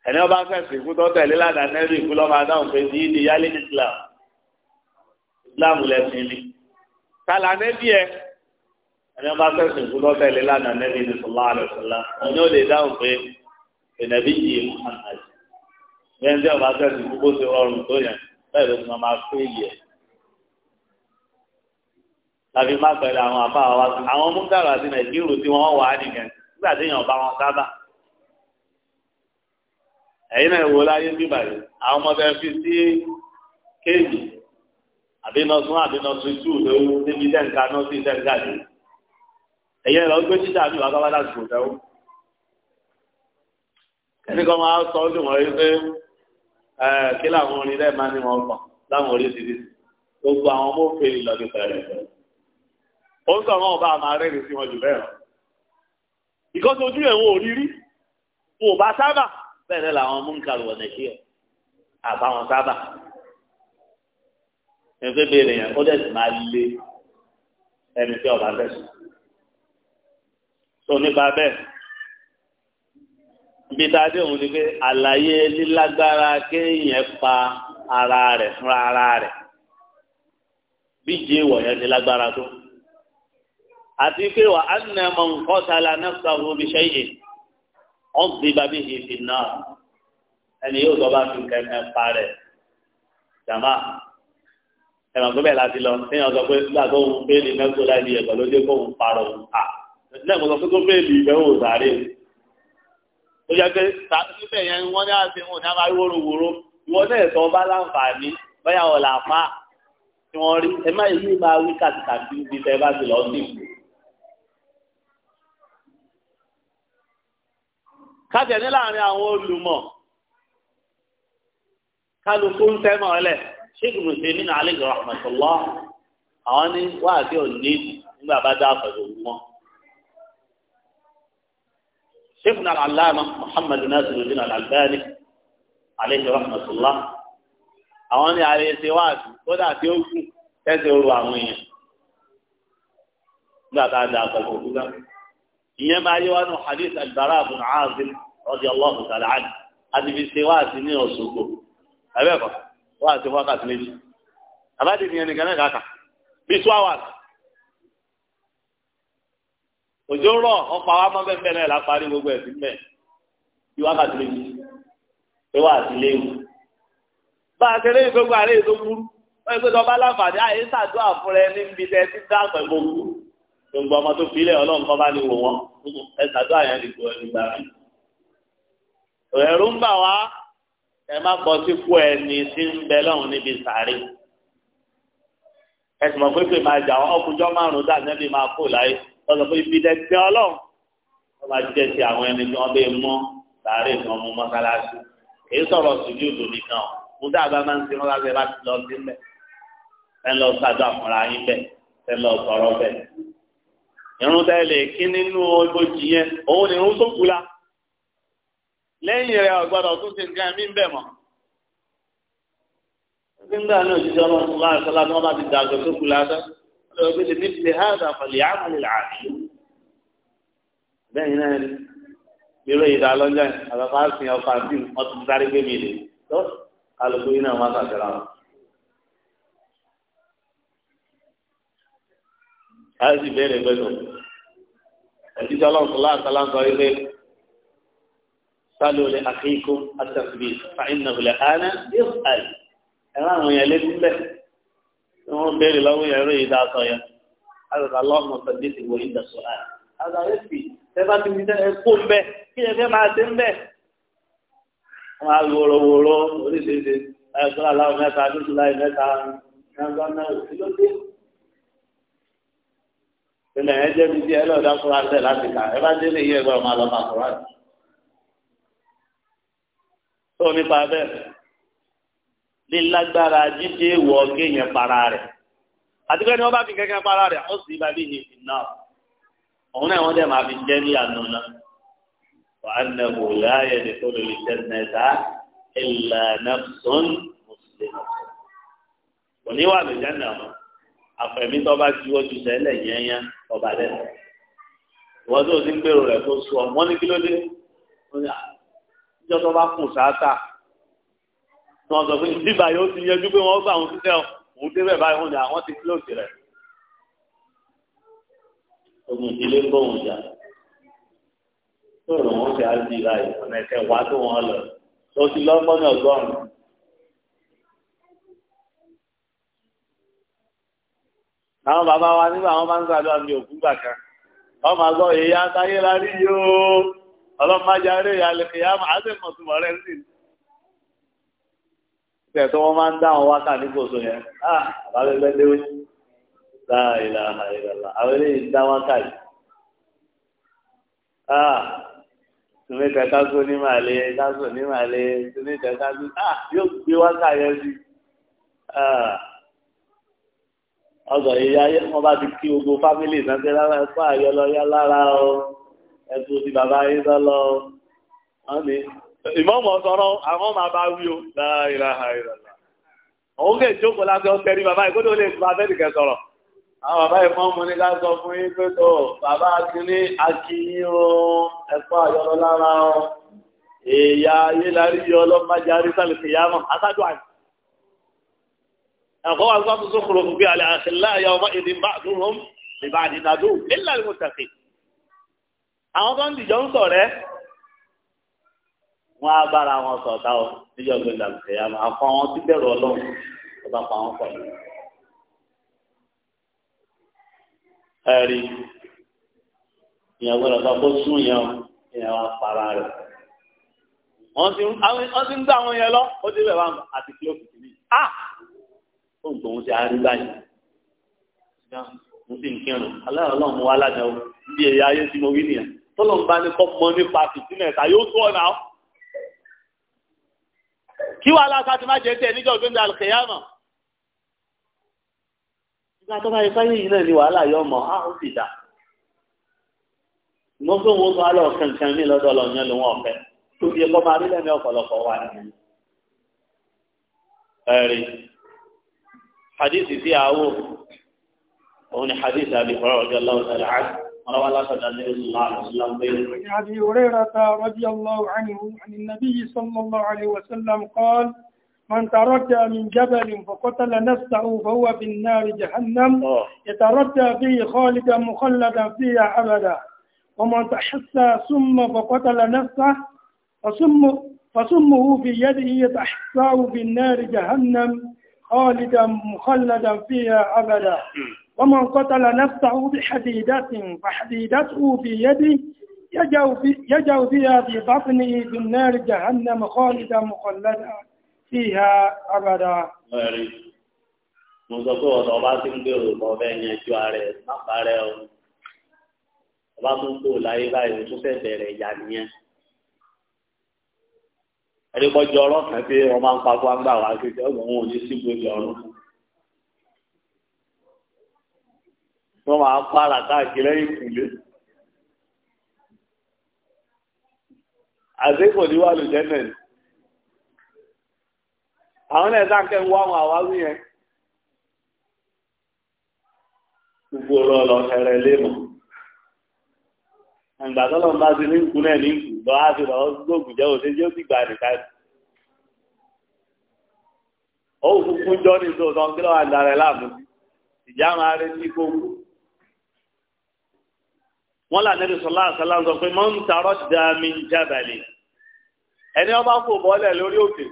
ẹni ọba fẹsẹ ikú tó tẹ̀lé ládàá nẹbi ikú lọ máa dáhùn pé ní ìdí yálé islam islam lẹsìn ni kàlà nẹbi ẹ ẹni ọba fẹsẹ ikú tó tẹ̀lé ládàá nẹbi ní sọlá àlọsọlá ẹni ó lè dáhùn pé ìnàbí yìí muhammad bẹ́ẹ̀ni tí ọba fẹsẹ ikú bó ti rọrùn tó yẹn bẹ́ẹ̀ ló ti máa máa fún ìyẹ tàbí má pẹ̀lú àwọn àbá wa àwọn mú dàrú nàìjíríà tí wọn wà á nìkan nígbà tí èèyàn bá wọn sábà ẹ̀yin náà wò láyé bí báyìí àwọn ọmọ bẹ́ẹ̀ fi sí kéèjì àbínọ́sún àbínọ́sún tù lówó níbi dẹ́ǹkà náà sí dẹ́ǹkà dé ẹ̀yẹ lọ gbé títà mi wá bábá láti gbòtẹ́ ó kẹ́ni kan máa sọ ọ́ dùn wọ́n rí pé kí làwọn orin lẹ́ẹ̀ máa ní wọn kàn láwọn orí ti di gbogbo àwọn ọmọ òfin ìlọ́dí pẹ̀lẹ́ ó sọ wọn ọba àmà rẹ́rìn sí wọn jù bẹ́ẹ̀ lọ ìkọ́sí ojú ẹ̀ wọn wọn ò bá sábà bẹ́ẹ̀ náà làwọn múnkàrù wọ̀nà sí ọ àbáwọn sábà ẹgbẹ́ bèèrè yẹn ó dẹ̀sì máa lé ẹni tí ọba fẹ̀sùn tó nípa bẹ́ẹ̀ ibi tá a dé òun ni pé àlàyé lílágbára kéèyàn pa ara rẹ̀ fúnra ara rẹ̀ bí jẹ́ ìwọ̀ yẹn lágbára tó àti pé wà á nà mọ̀ nǹkan tala náà sábò bí ṣẹ́yìn ọ̀gbìn bàbí ìfi náà ẹni yóò lọ́ba fi kẹ̀kẹ́ pa rẹ̀ jàmá ẹ̀rọ tó bẹ́ẹ̀ láti lọ téèyàn sọ pé nígbà tó ń béèlì mẹ́kó láìní ẹ̀kọ́ ló dé kóun parọ́ òun à lẹ́ẹ̀mọ́ sọ pé tó béèlì ìfẹ́ wò sáré ó yẹ pé níbẹ̀ yẹn wọ́n ní àti wọn ní a máa wóró wóró ìwọ náà sọ ọba láǹfààní báyà ọ̀ làpá tí wọ́n rí ẹ má yí máa wí kàtìkàtì níbi tẹ́ bá ti lọ sí ìlú kájẹ̀ ní láàrin àwọn olùmọ̀ kálukú ń tẹ́mọ̀ ọlẹ̀ ṣéèkì mùsùlùmí nínú alẹ́ ìjọba àwọn ní wáàdí òní nígbà bá dá àfẹ̀dọ̀ mọ́. ṣéèkì náà aláàmà Muhammad Nasiruddin Al-Albani alẹ́ ìjọba àwọn ní ààrẹ ṣe wáàdí kódà tí ó kù tẹ́sí oru àwọn èèyàn nígbà tá dá ìyẹn máa yẹ wá nù hadith al-Bara' ibn Azib radiyallahu ta'ala anhu àti fi ní Òṣogbo abẹ́ẹ̀kọ́ wáàsí wákàtí méjì àbájáde ìyẹn nìkan náà kàkà bíi two hours òjò rọ̀ ọ̀pá wa la gbogbo bí wákàtí méjì léwu bá a ṣe lé ètò burú wọ́n ti láǹfààní àyè sàdúrà fún níbi tẹ́ ti dá gbogbo ọmọ tó fi ilẹ̀ ọlọ́run kọ́ bá ní wò wọ́n ẹ ṣàdúrà yẹn lè gbọ́ ẹni gbà mí. ẹ̀rù ń bà wá ẹ má bọ́ sí kú ẹni tí ń bẹ lọ́run níbi sàárè. ẹ sì mọ̀ pé pé máa jà ọkùnjọ́ márùn-ún dàgbẹ́ bí máa kó láyé lọ́sọ̀ pé ibi dẹ́gbẹ́ ọlọ́run wọ́n máa jẹ́ ti àwọn ẹni tí wọ́n bẹ mọ́ sàárè tí wọ́n mú mọ́sálásí. èyí sọ̀rọ̀ sùjúdù nìkan mo dábàá máa ń sin irun tẹ́lẹ̀ kí nínú ibojì yẹn òun ni irun tó la lẹ́yìn rẹ̀ ọ̀gbọ́dọ̀ tún ṣe nǹkan mí bẹ̀ mọ́. nígbà náà òṣìṣẹ́ ọmọ ọmọ àṣọlá ni wọ́n bá ti dàgbà tó la tán lọ́wọ́ pé tèmi ti lè há àdàfàlẹ̀ àmàlẹ̀ àdìyẹ. bẹ́ẹ̀ náà ni irú ìdá lọ́jọ́ yìí àbàbà àfihàn fàǹtì ọtún sáré gbé mi lè lọ́ kálukú yìí náà wọ́n á wọn. láti sì béèrè pẹ̀lú òjijì ọlọ́ọ̀sọ̀lá àtàlánsọ ilé sálò lè àkíkó àtàkùnbí fàìnà òlẹ̀ àná yóò àì ẹ̀rọ àwọn yẹn lékún bẹ́ẹ̀ tí wọ́n béèrè lọ́wọ́ yẹn rí ìdá sọ yẹn àgbàgbà lọ́mọ sọ̀dí ti wọ ìdá sọ àì àgbàgbà ẹ̀sì tẹ́fà ti fi tẹ́ kó ń bẹ́ kí ẹ fẹ́ máa ṣe ń bẹ́ wọ́n á wòròwòrò oríṣiríṣi ẹ̀kọ́ aláwọ̀ mẹ́ta dúdú láì mẹ́ta náà ilẹ̀ yẹn jẹ́ bíi ẹ lọ́ọ̀dá kura tẹ̀ láti kà ẹ bá dé lè yí ẹgbẹ́ ọmọ alọ́mọ kura tẹ̀. tó nípa bẹ́ẹ̀ lílágbára jíjẹ́ wọ géèyàn para rẹ̀ àti pé ni wọ́n bá fi kẹ́kẹ́ para rẹ̀ ó sì bá bí yìí fi òun náà wọ́n dẹ̀ máa fi jẹ́ ní àná náà wà á nà wò láàyè ní kó lè jẹ́ nẹ́ta ìlànà sọ́n mùsùlùmí. òní wà lè jẹ́ nà afẹ̀mítọ́ bá juwọ́ ju sẹ́lẹ̀ yẹn yẹn ọba dẹ ìwọ tó o ti ń gbèrò rẹ tó sùn ọ wọn ní kí ló dé ìjọ tó bá kùn sáátà wọn sọ pé bíbá yóò ti yẹjú pé wọn bá àwọn títẹ òun débẹ̀ báyìí wọn ni àwọn ti kílòsì rẹ ogun ìdílé ń bọ òun jà tó rò wọn fi àdìrà ìfọ̀nẹ́kẹ́ wá tó wọn lọ tó ti lọ́gbọ́n ní ọgọ́rùn-ún. àwọn bàbá wa nígbà wọn bá ń sàdúrà ní òkú gbà kan wọn máa gbọ́ èyí àtàyè la rí yìí o ọlọ́mọdé aré ìyàlẹ̀ kìyà máa ṣe mọ̀ túmọ̀ rẹ̀ sí i. ìgbà tó wọ́n máa ń dá àwọn wákà ní kòsó yẹn ah àbálẹ́gbẹ́ léwé láìla àìlàlà àwọn eléyìí ah tùmí kẹkágún ní màlẹ́ kágún ah ọgbọ̀n ìyá ayé wọn bá ti kí gbogbo fámìlì ìsánsẹ́ lára ẹ̀fọ́ àyọlọ́yá lára o ẹ̀tù ti bàbá yín sọ́lọ́ wọn ni ìmọ̀ọ́mọ̀ sọ̀rọ̀ àwọn máa bá wí o láìra àìrọ̀lá òun kè jókòó láti ọ̀sẹ̀ ní bàbá ìkótó lè fún abẹ́ nìkan sọ̀rọ̀ àwọn bàbá ìmọ̀ọ́mọ̀ ní ká sọ fún yín pé tó bàbá akíní akíyín o ẹ̀fọ́ àyọlọ́ lára o èèyà ayé lárí yọ ọlọ́mọdé arísàlùkì ẹ̀kọ́ wa gbọ́dọ̀ tó kúrò fún bí alẹ́ àṣìlá ẹ̀yà ọmọ èdè bá dùnhùn ìbá àdìdàdù nílẹ̀ ni mo tẹ̀sí. àwọn tó ń dìjọ ń sọ rẹ wọn á bára wọn sọ ọ̀tá o níjọ gbé làlùfẹ́ yà máa fọ àwọn tí bẹ̀rù ọlọ́run ọba pa wọn pọ̀ ẹ̀rí ìyẹn gbọ́dọ̀ sọ kó sún yẹn ìyẹn wá para rẹ̀ wọ́n ti ń gbá àwọn yẹn lọ ó ti bẹ̀ wá àti kílókì kìíní tó ń tòun ṣe àárín báyìí mo sì ń kírun aláàrọ náà wá ládàá o bí ẹ̀yà ayé tí mo wí nìyẹn tọ́lọ̀ ń bá ní kọ́ mọ nípa fìtínẹ̀ ta yóò tó ọ̀nà ọ́ kí wàá lásán ti má jẹ́ tẹ̀ níjọ́ gbẹ́ndà àlùkẹ́yàmọ̀ nígbà tó bá yẹ fáyé yìí náà ni wàhálà yọ mọ́ á ó sì dà mo fún wọn sọ alọ kankan mi lọ́dọ̀ lọ yẹn lòun ọ̀fẹ́ tó fi ẹ̀kọ́ máa rí lẹ́nu ọ̀pọ̀lọpọ̀ wà nìyẹn. حديث في عوف وهنا حديث أبي هريرة رضي الله تعالى عنه روى الله صلى الله عليه وسلم عن أبي هريرة رضي الله عنه عن النبي صلى الله عليه وسلم قال من ترجى من جبل فقتل نفسه فهو في النار جهنم يترجى فيه خالدا مخلدا فيها أبدا ومن تحسى ثم فقتل نفسه فسمه, فسمه في يده يتحساه في النار جهنم خالدا مخلدا فيها أبدا ومن قتل نفسه بحديدة فحديدته في يده يجو فيها في بطنه في النار جهنم خالدا مخلدا فيها أبدا mo sọ pé ọ̀dọ̀ ọba tí ń gbèrò lọ bẹ́ẹ̀ yẹn ju ààrẹ má parẹ́ o ọba tó ń gbò láyé báyìí tó fẹ́ bẹ̀rẹ̀ ìyá nìyẹn ẹni kọjọ ọ̀rọ̀ kan pé wọn máa ń pa kó àgbà wá kékeré ọgbà wọn ò ní sí gbòdì ọ̀rọ̀ wọn máa ń pààrà káàkiri lẹ́yìn ìkùlé àdékò ní wà lùjẹ náà àwọn náà dáńkẹ ń wá àwọn àwáwí yẹn gbogbo ọ̀rọ̀ ọlọtẹrẹ lé mọ àgbàdo lọ bá ti ní nkú náà ní nkú. lọ á fi lọ gbóògùn jẹ́ òṣèlú yóò ti gbà nìkan ó kúkú jọ ní ìṣòro tó ń lọ́wọ́ àdàrẹ láàmú ìjà máa là sọlá ń sọ pé ń jábàlì ẹni ọba kò bọ́lẹ̀ lórí òkè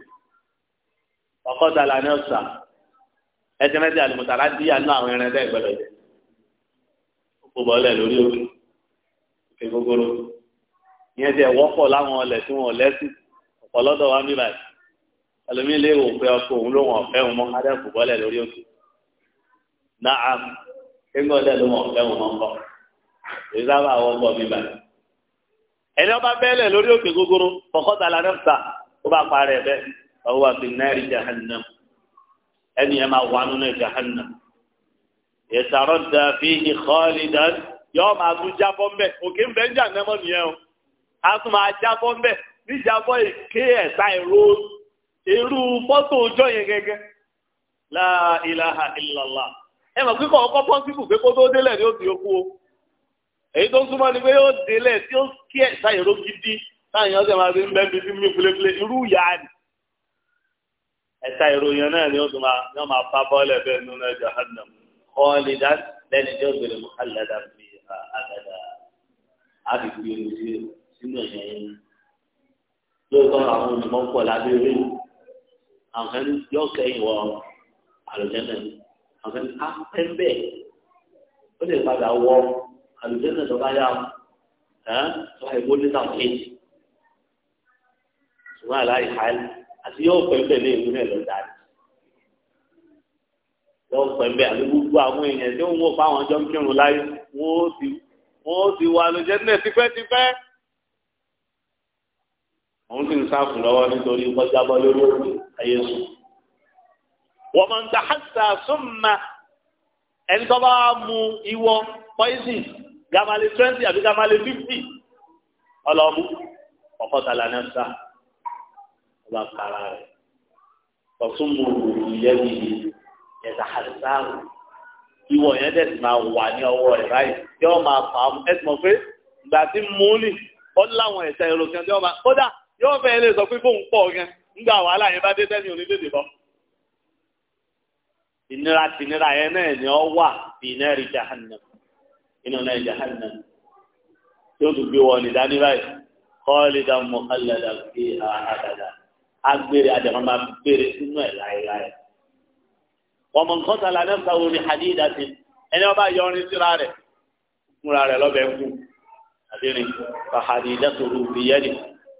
ọkọ dàlà ní àwọn kò bọ́lẹ̀ lórí yẹn ti ẹ̀ wọ́pọ̀ láwọn ọlẹ̀ tí wọn lẹ́sìn ọ̀pọ̀ lọ́dọ̀ wa níbàyí ẹlòmíín lè wò pé ọkọ òun ló wọn ọ̀fẹ́ wọn mọ́ adẹ́kù bọ́lẹ̀ lórí òkè náà kéńgọ́ dẹ̀ ló wọn ọ̀fẹ́ wọn mọ́ kọ́ èyí sábà wọ́pọ̀ níbàyí ẹni ọba bẹ́ẹ̀lẹ̀ lórí òkè gogoro fọkọ́ta la nẹ́fta ó bá parẹ́ bẹ́ẹ̀ ọwọ́ wa náírì jahannam ẹni yẹn máa wà nínú jahannam yẹtàrọ̀ dàbí ìkọ́lì dàn yọ máa tún jábọ́ mbẹ́ òkè mbẹ́ ń jà nẹ́mọ́ nìyẹn o a tún máa jábọ́ ń bẹ̀ níjàbọ́ èké ẹ̀ta ìró irú fọ́tò ọjọ́ yẹn gẹ́gẹ́ la ilaha illallah ẹ mọ̀ pé kọ̀ọ̀kan pọ́ńsìpù pé kó tó délẹ̀ ni ó ti okú o èyí tó ń súnmọ́ ni pé yóò délẹ̀ tí ó kí ẹ̀ta ìró gidi táwọn èèyàn sì máa fi ń bẹ́ bí mímí kulekule irú ìyá ni ẹ̀ta ìròyìn náà ni ó tún máa ní máa fa bọ́ọ̀lẹ̀ bẹ́ẹ̀ nínú ẹjọ́ hàdàm kọ́ọ̀lì dá lẹ́ni tí ó gbé sílẹ̀ yẹn lóòótọ́ àwọn olùmọ̀ pọ̀ lábẹ́ eré àwọn kan yọ kẹ́yìn wọ àlùjẹ́nà àwọn kan á pẹ́ ah, bẹ́ẹ̀ ó lè padà wọ àlùjẹ́nà tó bá yà ẹ́ tó bá yẹ ní sàwọn ṣùgbọ́n àláyé ha àti yóò pẹ́ bẹ́ẹ̀ ní ìlú náà lọ dáadé yóò pẹ́ bẹ́ẹ̀ àti gbogbo àwọn èèyàn tí wọ́n mọ̀ fáwọn ọjọ́ ń kírun láyé wọ́n ó ti wọ àlùjẹ́nà tipẹ́tipẹ́ sáàpù lọ́wọ́ nítorí wọ́n jábọ́ lórí òkú ayé sùn. wọ́n máa ń ta hàṣà súnmà ẹni tó bá mu ìwọ poison gamale twenty àbí gamale fifty ọlọ́mú ọ̀kọ́tàlá náà sá ọba kàrà rẹ̀ tọ̀tún mu ìyẹ́wì ẹ̀dá hàṣà ìwọ yẹn tẹ̀sí máa wà ní ọwọ́ rẹ̀ báyìí yóò máa fà á ẹ̀sìn mọ̀ pé ìgbà tí ó láwọn ẹ̀sẹ̀ èrò kan tí kódà yóò fẹ́ lè sọ pé bóun pọ̀ yẹn ńgbà wàhálà yẹn bá dé tẹ́ni onílẹ̀-èdè bọ́. ìnira tìnira yẹn náà ni ọ wà ìnira rí jahannam inú náà jahannam tí ó tún gbé wọn ní dání báyìí kọ́ọ̀lì dá mọ́ kálẹ̀dá sí àdàdà agbèrè àdàmọ́ máa bèrè sínú ẹ̀ láéláé. ọmọ nǹkan tala náà sáwọn ní hadídà sí ẹni ọba yọrin síra rẹ̀ múra rẹ̀ lọ́bẹ̀ẹ́ kú àdéhùn fàhàdídà tó rú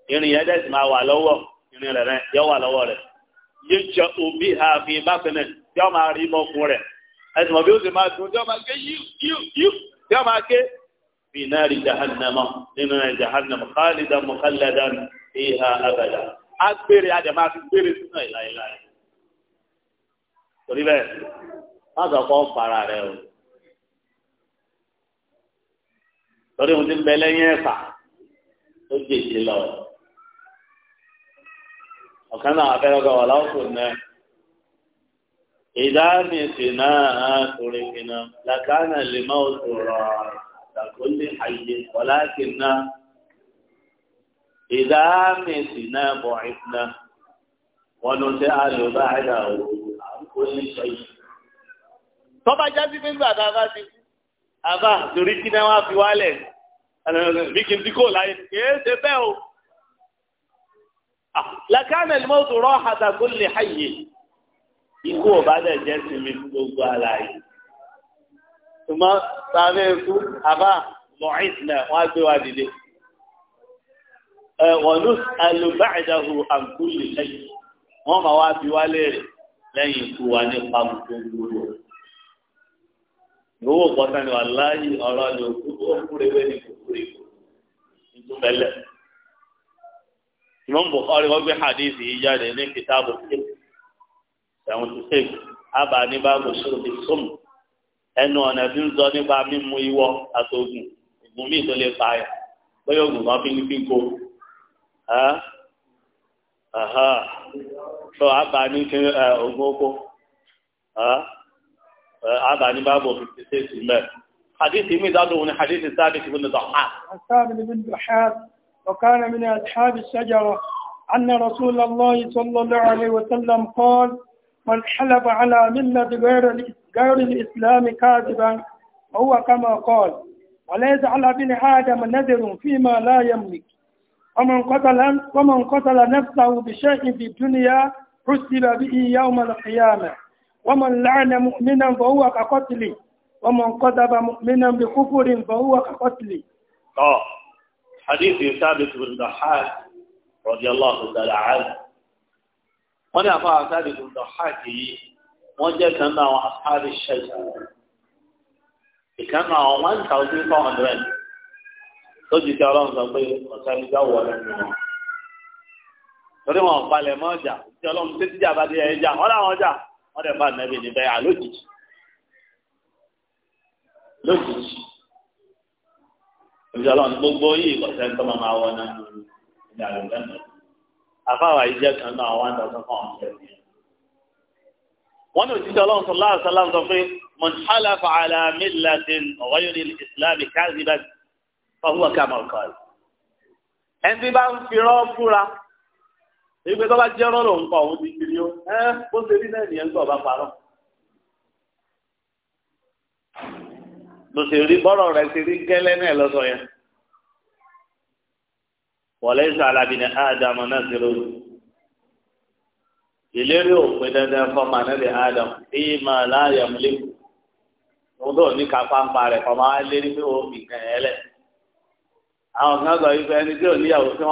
irin yẹn dẹ́sì máa wà lọ́wọ́ irin rẹ̀ rẹ̀ yọ wà lọ́wọ́ rẹ̀ yóò jẹ òbí àfi báfẹ́nẹ̀ tí wọ́n máa rí mọ́kun rẹ̀ ẹ̀sìn mọ̀ bí ó sì máa dùn tí wọ́n máa ké yíu yíu yíu tí wọ́n máa ké fi nari jahannama nínú ẹ̀ jahannama khalidan mukhalladan fiha abada á gbére á máa fi gbére sínú ìlàìláì torí bẹ́ẹ̀ má sọ fọ́ para rẹ o torí mo ti bẹ lẹ́yìn ẹ̀fà ó jèjì lọ ọ̀kan náà abẹ́rẹ́gà wà láwùjọ náà ìdáàmì sí náà torí kìnnà làkàna lè má o sọ̀rọ̀ àtàkùnlé àyè ọ̀la kìnnà ìdáàmì sí náà bọ̀ ìfúnà wọn ló tẹ àlùbá àdà o àǹkó ní sọyìn. tọ́ba jáde pé nígbà tá a bá ti kú àbá torí kí náà wá fi wálẹ̀ bí kì í ti kó láyé kì í ṣe bẹ́ẹ̀ o. Ah, lakana al-mawtu rahata kulli hayy ikú ọba dẹ̀ jẹ́ sinmi gbogbo aláyé tuma sáré ikú àbá mọ̀ọ́ìsìnà wọn á gbé wa dìde ẹ wọn ló alùbáàdàhù àǹkúlì lẹ́yìn wọn máa wá bí wá léèrè lẹ́yìn ikú wa nípa gbogbo owó pọ̀tánì wà láàyè ọ̀rọ̀ ni òkú tó kúrewé ni kò kúrewé nítorí bẹ́lẹ̀. Imam Bukhari wọ́n gbé hadith yìí jáde ní kitabu fiqh seventy six abba ní báàbò ṣòro sum ẹnu ọ̀nà tí ń sọ nípa mímu iwọ àtògùn ògùn míì tó lè fa ẹ̀ bóyá ògùn kan fi ń fi ko so abba ní ògùn oko abba ní báàbò fifty six mẹ́ hadith mi dáadọ́ wọn ni hadith sáà ní wọ́n lè dọ̀ وكان من أصحاب الشجرة أن رسول الله صلى الله عليه وسلم قال من حلف على ملة غير غير الإسلام كاذبا هو كما قال وليس على ابن آدم نذر فيما لا يملك ومن قتل ومن قتل نفسه بشيء في الدنيا حسب به يوم القيامة ومن لعن مؤمنا فهو كقتله ومن قذب مؤمنا بكفر فهو كقتله. حديث ثابت بن ضحاك رضي الله تعالى عنه وانا افا ثابت بن مع اصحاب الشجره كان مع 1400 torí wọn mọ́ ọjà tí ọlọ́run ti ẹ̀ jà wọ́n ọjà wọ́n dẹ̀ bá nẹ́bí lójijì òjò ọlọ́run ní gbogbo yìí ìkọ̀sẹ́ tó máa máa wọ náà ní àlùfẹ́ náà afáwà yìí kan náà wọ́n á dọ̀tún fún ọ̀hún ṣẹ̀lẹ̀ wọ́n ní òjijì ọlọ́run sọ láàrín sálám sọ pé mọ̀nhálà fàálà mílàdín ọ̀wáyọ̀lì ìsìlámì káàzìbá fọwọ́ kàmọ̀ kọ́ọ̀lù ẹni tí bá ń fi rán fúra èyí tó bá jẹ́ rán lòun pa òun ti kiri ó ẹ́ bó ṣe rí náà nìyẹn tó ọba bó rí bọ́rọ̀ rẹ̀ ṣe rí gẹ́lẹ́ náà lọ́sọ̀ yẹn. wọlé sàlàbìnrin ádámù náà ti rò ìlérí òpin dandan fọmà náà lè ádámù èyí máa láàyè múlẹ̀ tó ní kápánpá fọmà lérí pé kàn àwọn kan sọ ẹni tí tí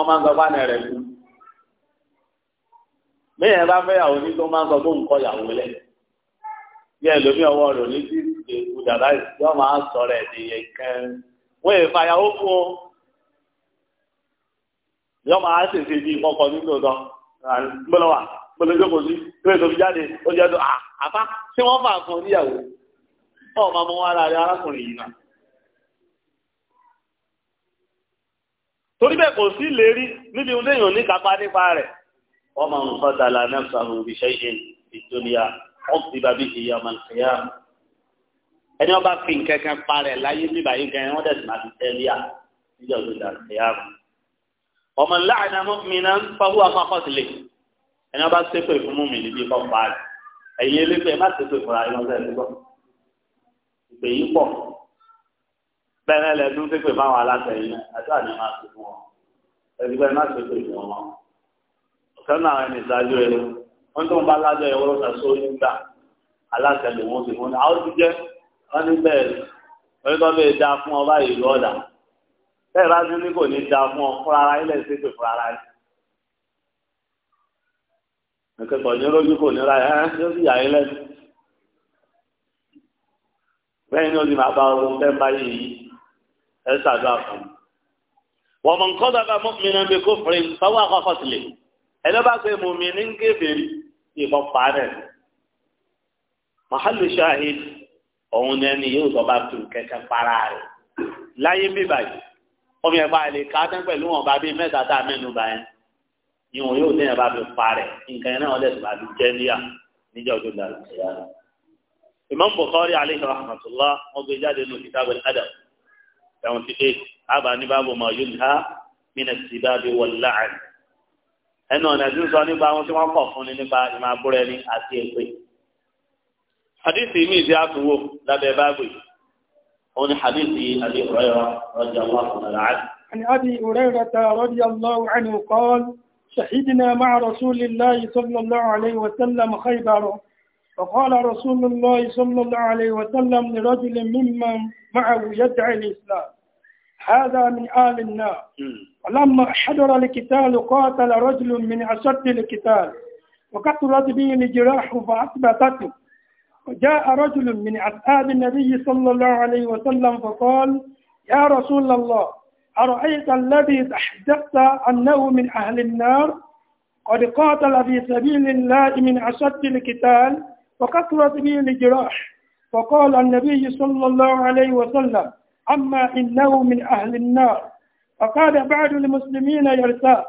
máa ń sọ bá fẹ́ yàwó ní tó máa ń sọ yàwó bí ọwọ́ jàdá yọ máa sọ̀rọ̀ ẹ̀dìyẹ kan wọ́n èèfà yàwó fún o yọ máa ṣèṣe bí ìkọkọ nínú ọ̀dọ́ gbọ́dọ̀ wà sí ìwé tó fi jáde ó jẹ́ tó àfá tí wọ́n fà fún níyàwó ọ̀ máa mọ ara rẹ arákùnrin yìí náà. torí bẹ́ẹ̀ kò sí ìlérí níbi ohun téèyàn ní kápá nípa rẹ̀ wọ́n máa ń fọ́dà lànà sàrò ìṣẹ́yẹ ìtòlíà ọ̀gbìn bàbí ìyá màlúùyà ẹni wọn bá fi nǹkan parẹ láyé níbà yìí kan wọn dẹsùn àti tẹlíà níjọ tó dà ẹyàmù ọmọ láàánú mu'minan fáwọn àwọn akọsílẹ ẹni wọn bá ṣépè fún mi níbi kọ parí ẹyin elépe ẹ má ṣépè fún ayé wọn sẹni gbọ ìpè yìí bẹ́ẹ̀ lẹ dún ṣépè fáwọn alátẹyìn àti àná má ṣe fún wọn ẹni bẹ́ẹ̀ má ṣépè fún wọn ọkàn wọ́n ní bẹ́ẹ̀ wọ́n tó bẹ́ẹ̀ da fún ọ báyìí lọ́dà bẹ́ẹ̀ bá tún ní kò ní da fún ọ fúnra ara yín lẹ́sìn pé fúnra ara yín. akẹ́kọ̀ọ́ ní lójú kò ní ra ẹ̀ yóò sì yà yín lẹ́nu. bẹ́ẹ̀ ni ó ti máa bá ọrùn tẹ́ báyìí yìí ẹ̀ ṣàdúrà fún mi. wọ́n mọ̀ nǹkan dàgbà mọ́mìnira bí kò fèrè fáwọn akọ́kọ́ sílẹ̀ ẹ̀ lọ́ bá pé mọ̀mí ní ń gé fèrè ìbọn pàánẹ̀. mahal shahid òun ni ẹni yóò sọba tu kẹkẹ para rẹ̀ láyé bí báyìí omi ẹ̀fà lè ká tán pẹ̀lú wọn bá bí mẹ́ta tá a mẹ́nu bá yẹn ìwọ̀n yóò tẹ̀yẹ̀ bá fi pa rẹ̀ nǹkan yẹn náà wọ́n lẹ́sìn àbí jẹ́líà níjọ́ tó dàrú ìyá rẹ̀. Imam Bukhari alayhi rahmatullah wọ́n gbé jáde nù kitab al-adab ẹ̀wọ̀n ti dé àbá ní báàbò mọ̀ yóò ní ha mina sibabi wal-la'n ẹnu ọ̀nà tí sọ nípa wọn tí wọ́n kọ̀ fún ni nípa ìmọ̀ abúrẹ́ni àti èpè hadisi mi ti àtúwò lábẹ́ báàbò òun ni hadisi Abi Hurairah radiyallahu anhu. عن أبي هريرة رضي الله عنه قال شهدنا مع رسول الله صلى الله عليه وسلم خيبر فقال رسول الله صلى الله عليه وسلم لرجل ممن معه يدعي الإسلام هذا من آل النار ولما حضر القتال قاتل رجل من أشد القتال وكثرت به الجراح فأثبتته وجاء رجل من أصحاب النبي صلى الله عليه وسلم فقال يا رسول الله أرأيت الذي تحدثت أنه من أهل النار قد قاتل في سبيل الله من أشد القتال وكثرت به الجراح فقال النبي صلى الله عليه وسلم أما إنه من أهل النار فقال بعض المسلمين يرتاح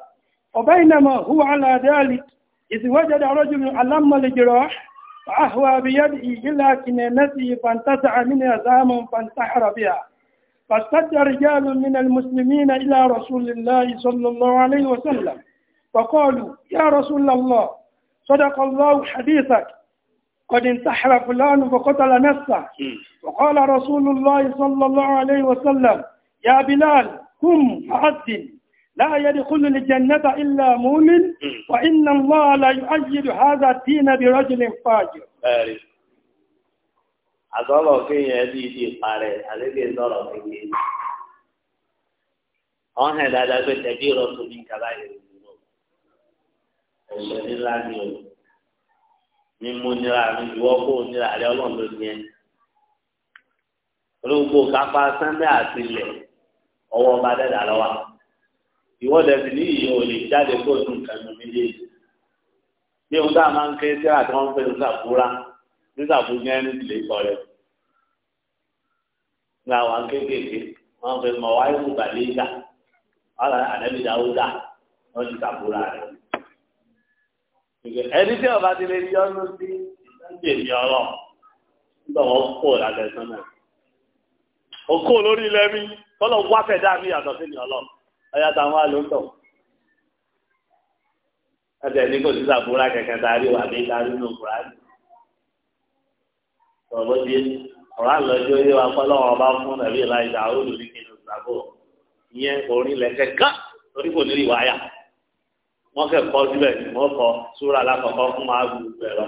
وبينما هو على ذلك إذ وجد رجل ألم الجراح فأهوى بيده إلى كنينته فانتزع منها سهما فانتحر بها فاستجى رجال من المسلمين إلى رسول الله صلى الله عليه وسلم فقالوا يا رسول الله صدق الله حديثك قد انتحر فلان فقتل نفسه وقال رسول الله صلى الله عليه وسلم يا بلال قم فأذن لا يدخل الجنة إلا مؤمن وإن الله لا يؤيد هذا الدين برجل فاجر àtọ́lọ̀ kéèyàn bí ibi ìparẹ́ àlébi ìtọ́lọ̀ kéèyàn wọ́n hẹ̀ dáadáa pé tẹ̀bí rọ̀tù ní kàlá ìrìnnà ẹ̀ṣẹ̀ nílá ni o mímú nílá mi ìwọ́ kó nílá rẹ ní ẹ olóògbé kápá sẹ́ńdẹ̀ ìwọ́dẹ̀ sì ní ìyẹn ò lè jáde kó nù nǹkan nù méjèèjì bí ohun tá a máa ń ké sí àti wọn ń pè ní sàbúrà ní sàbúrà ní ẹni ìdílé kọ rẹ gba àwọn kéékèèké wọn fẹ́ mọ wáyé kó balẹ̀ ìjà wọn là àdẹ́bí dáwó dà wọn ti sàbúrà rẹ ẹni tí ọba ti lè yọ ọ́nù sí ìdájọ́ èmi ọlọ́ nígbà wọn kó lálẹ́ sọ́nà òkú lórí ilẹ̀ mi kọ́lọ̀ wá fẹ̀ dá mi yàtọ̀ sí mi ọlọ́run ọyá táwọn àlóńtọ̀ ẹsẹ̀ ní kò sí sàbúrà kẹ̀kẹ́ darí wà ní darí nù kúrá ní. sọ̀rọ̀ di ọ̀rọ̀ àlọ́jọ́ yé wa fọlọ́wọ́n ọba fún nàbí ìlàjà olù ní kí n sàbọ̀ ìyẹn orin lẹ́kẹ̀ ká torí kò ní rí wáyà wọ́n kẹ́ kọ́ síbẹ̀ wọ́n kọ́ súra lákọ̀ọ́kọ́ fún máa gbù bẹ̀rọ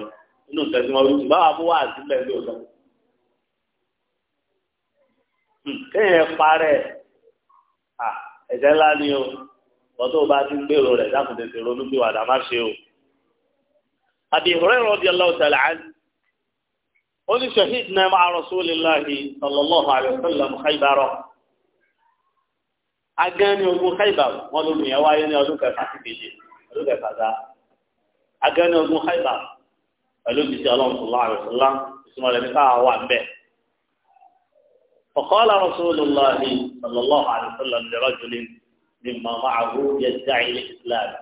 nínú tẹ̀sí wọn rúbù báwa mú ẹ̀ṣẹ̀ ńlá ni o bọ́tò bá ti ń gbèrò rẹ̀ dákun tètè ronú pé wàdà má ṣe o. Abi Hurairah radiyallahu ta'ala anhu ó ní shahidna ma'a rasulillahi sallallahu alayhi wa sallam Khaybar agán ní ogun Khaybar wọn ló nìyẹn wáyé ní ọdún kẹfà sí kejì ọdún kẹfà dá agán ní ogun Khaybar pẹ̀lú bìtì ọlọ́run sallallahu فقال رسول الله صلى الله عليه وسلم لرجل مما معه يدعي الإسلام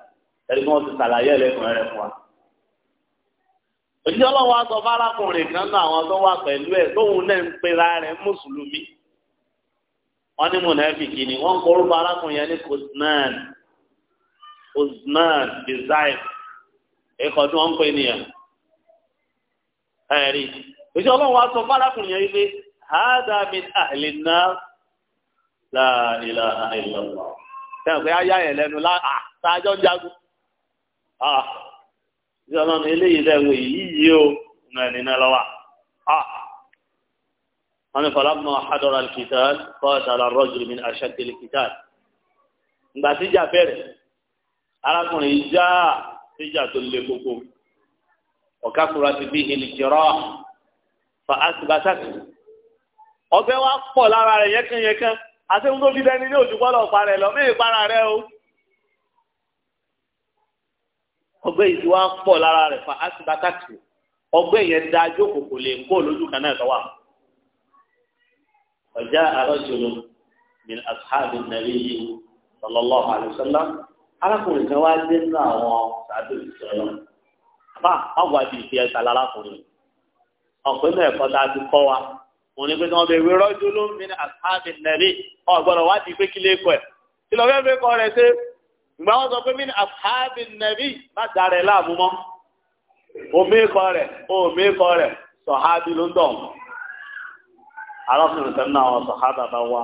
الموت سلايا لكم يا إخوان òjijì ọlọ́wọ́ aṣọ fárákùnrin kan náà àwọn tó wà pẹ̀lú ẹ̀ tóun náà ń pera rẹ̀ mùsùlùmí wọ́n ní mùnàfíkì ni wọ́n ń korúkọ arákùnrin yẹn ní kuzman kuzman design ẹ̀kọ́ tí nìyẹn ẹ̀rí òjijì ọlọ́wọ́ aṣọ fárákùnrin yẹn yìí pé hádà min ahli an-nar la ilaha illallah sẹ́wọ̀n pé ayá yẹn lẹ́nu láà sáájọ́ ń jagun ìjọ náà ní eléyìí lẹ́wọ̀ èyí yìí ó nà ẹni náà lọ́wọ́ wọn ni falamma hadara al-qital qatala ar-rajul min ashaddi al-qital ìgbà tíjà bẹ̀rẹ̀ arákùnrin yìí já tíjà tó le koko wa kathurat bihi al-jirah fa athbathat. ọgbẹ́ wa pọ̀ lára rẹ̀ yẹ́kànyẹ́kàn àti ohun tó fi dẹni ní òjò gbọ́dọ̀ pa rẹ̀ lọ mí ìpara rẹ̀ o. ọgbẹ́ yìí wá pọ̀ lára rẹ̀ fa asibataki ọgbẹ́ yẹn da jókòó kò lè kó lójú kan náà tọ́wà. ọjà àrọ́jòló min yìí arákùnrin kan wá àwọn sàdó àbá òun ni pé tí wọ́n bẹ̀ wérọ́ jó ló ń mi ní àtàbí nàbí ọ̀gbọ́dọ̀ wá di pé kí lè kọ ẹ̀ kí lọ́ọ́ fẹ́ kọ́ rẹ̀ ṣe ìgbà wọn sọ pé mí ní àtàbí nàbí má darẹ̀ láàmú mọ́ omi kọ rẹ̀ omi kọ rẹ̀ sọ̀hábí ló ń dọ̀ arákùnrin kan náà wọn sọ̀hábà bá wá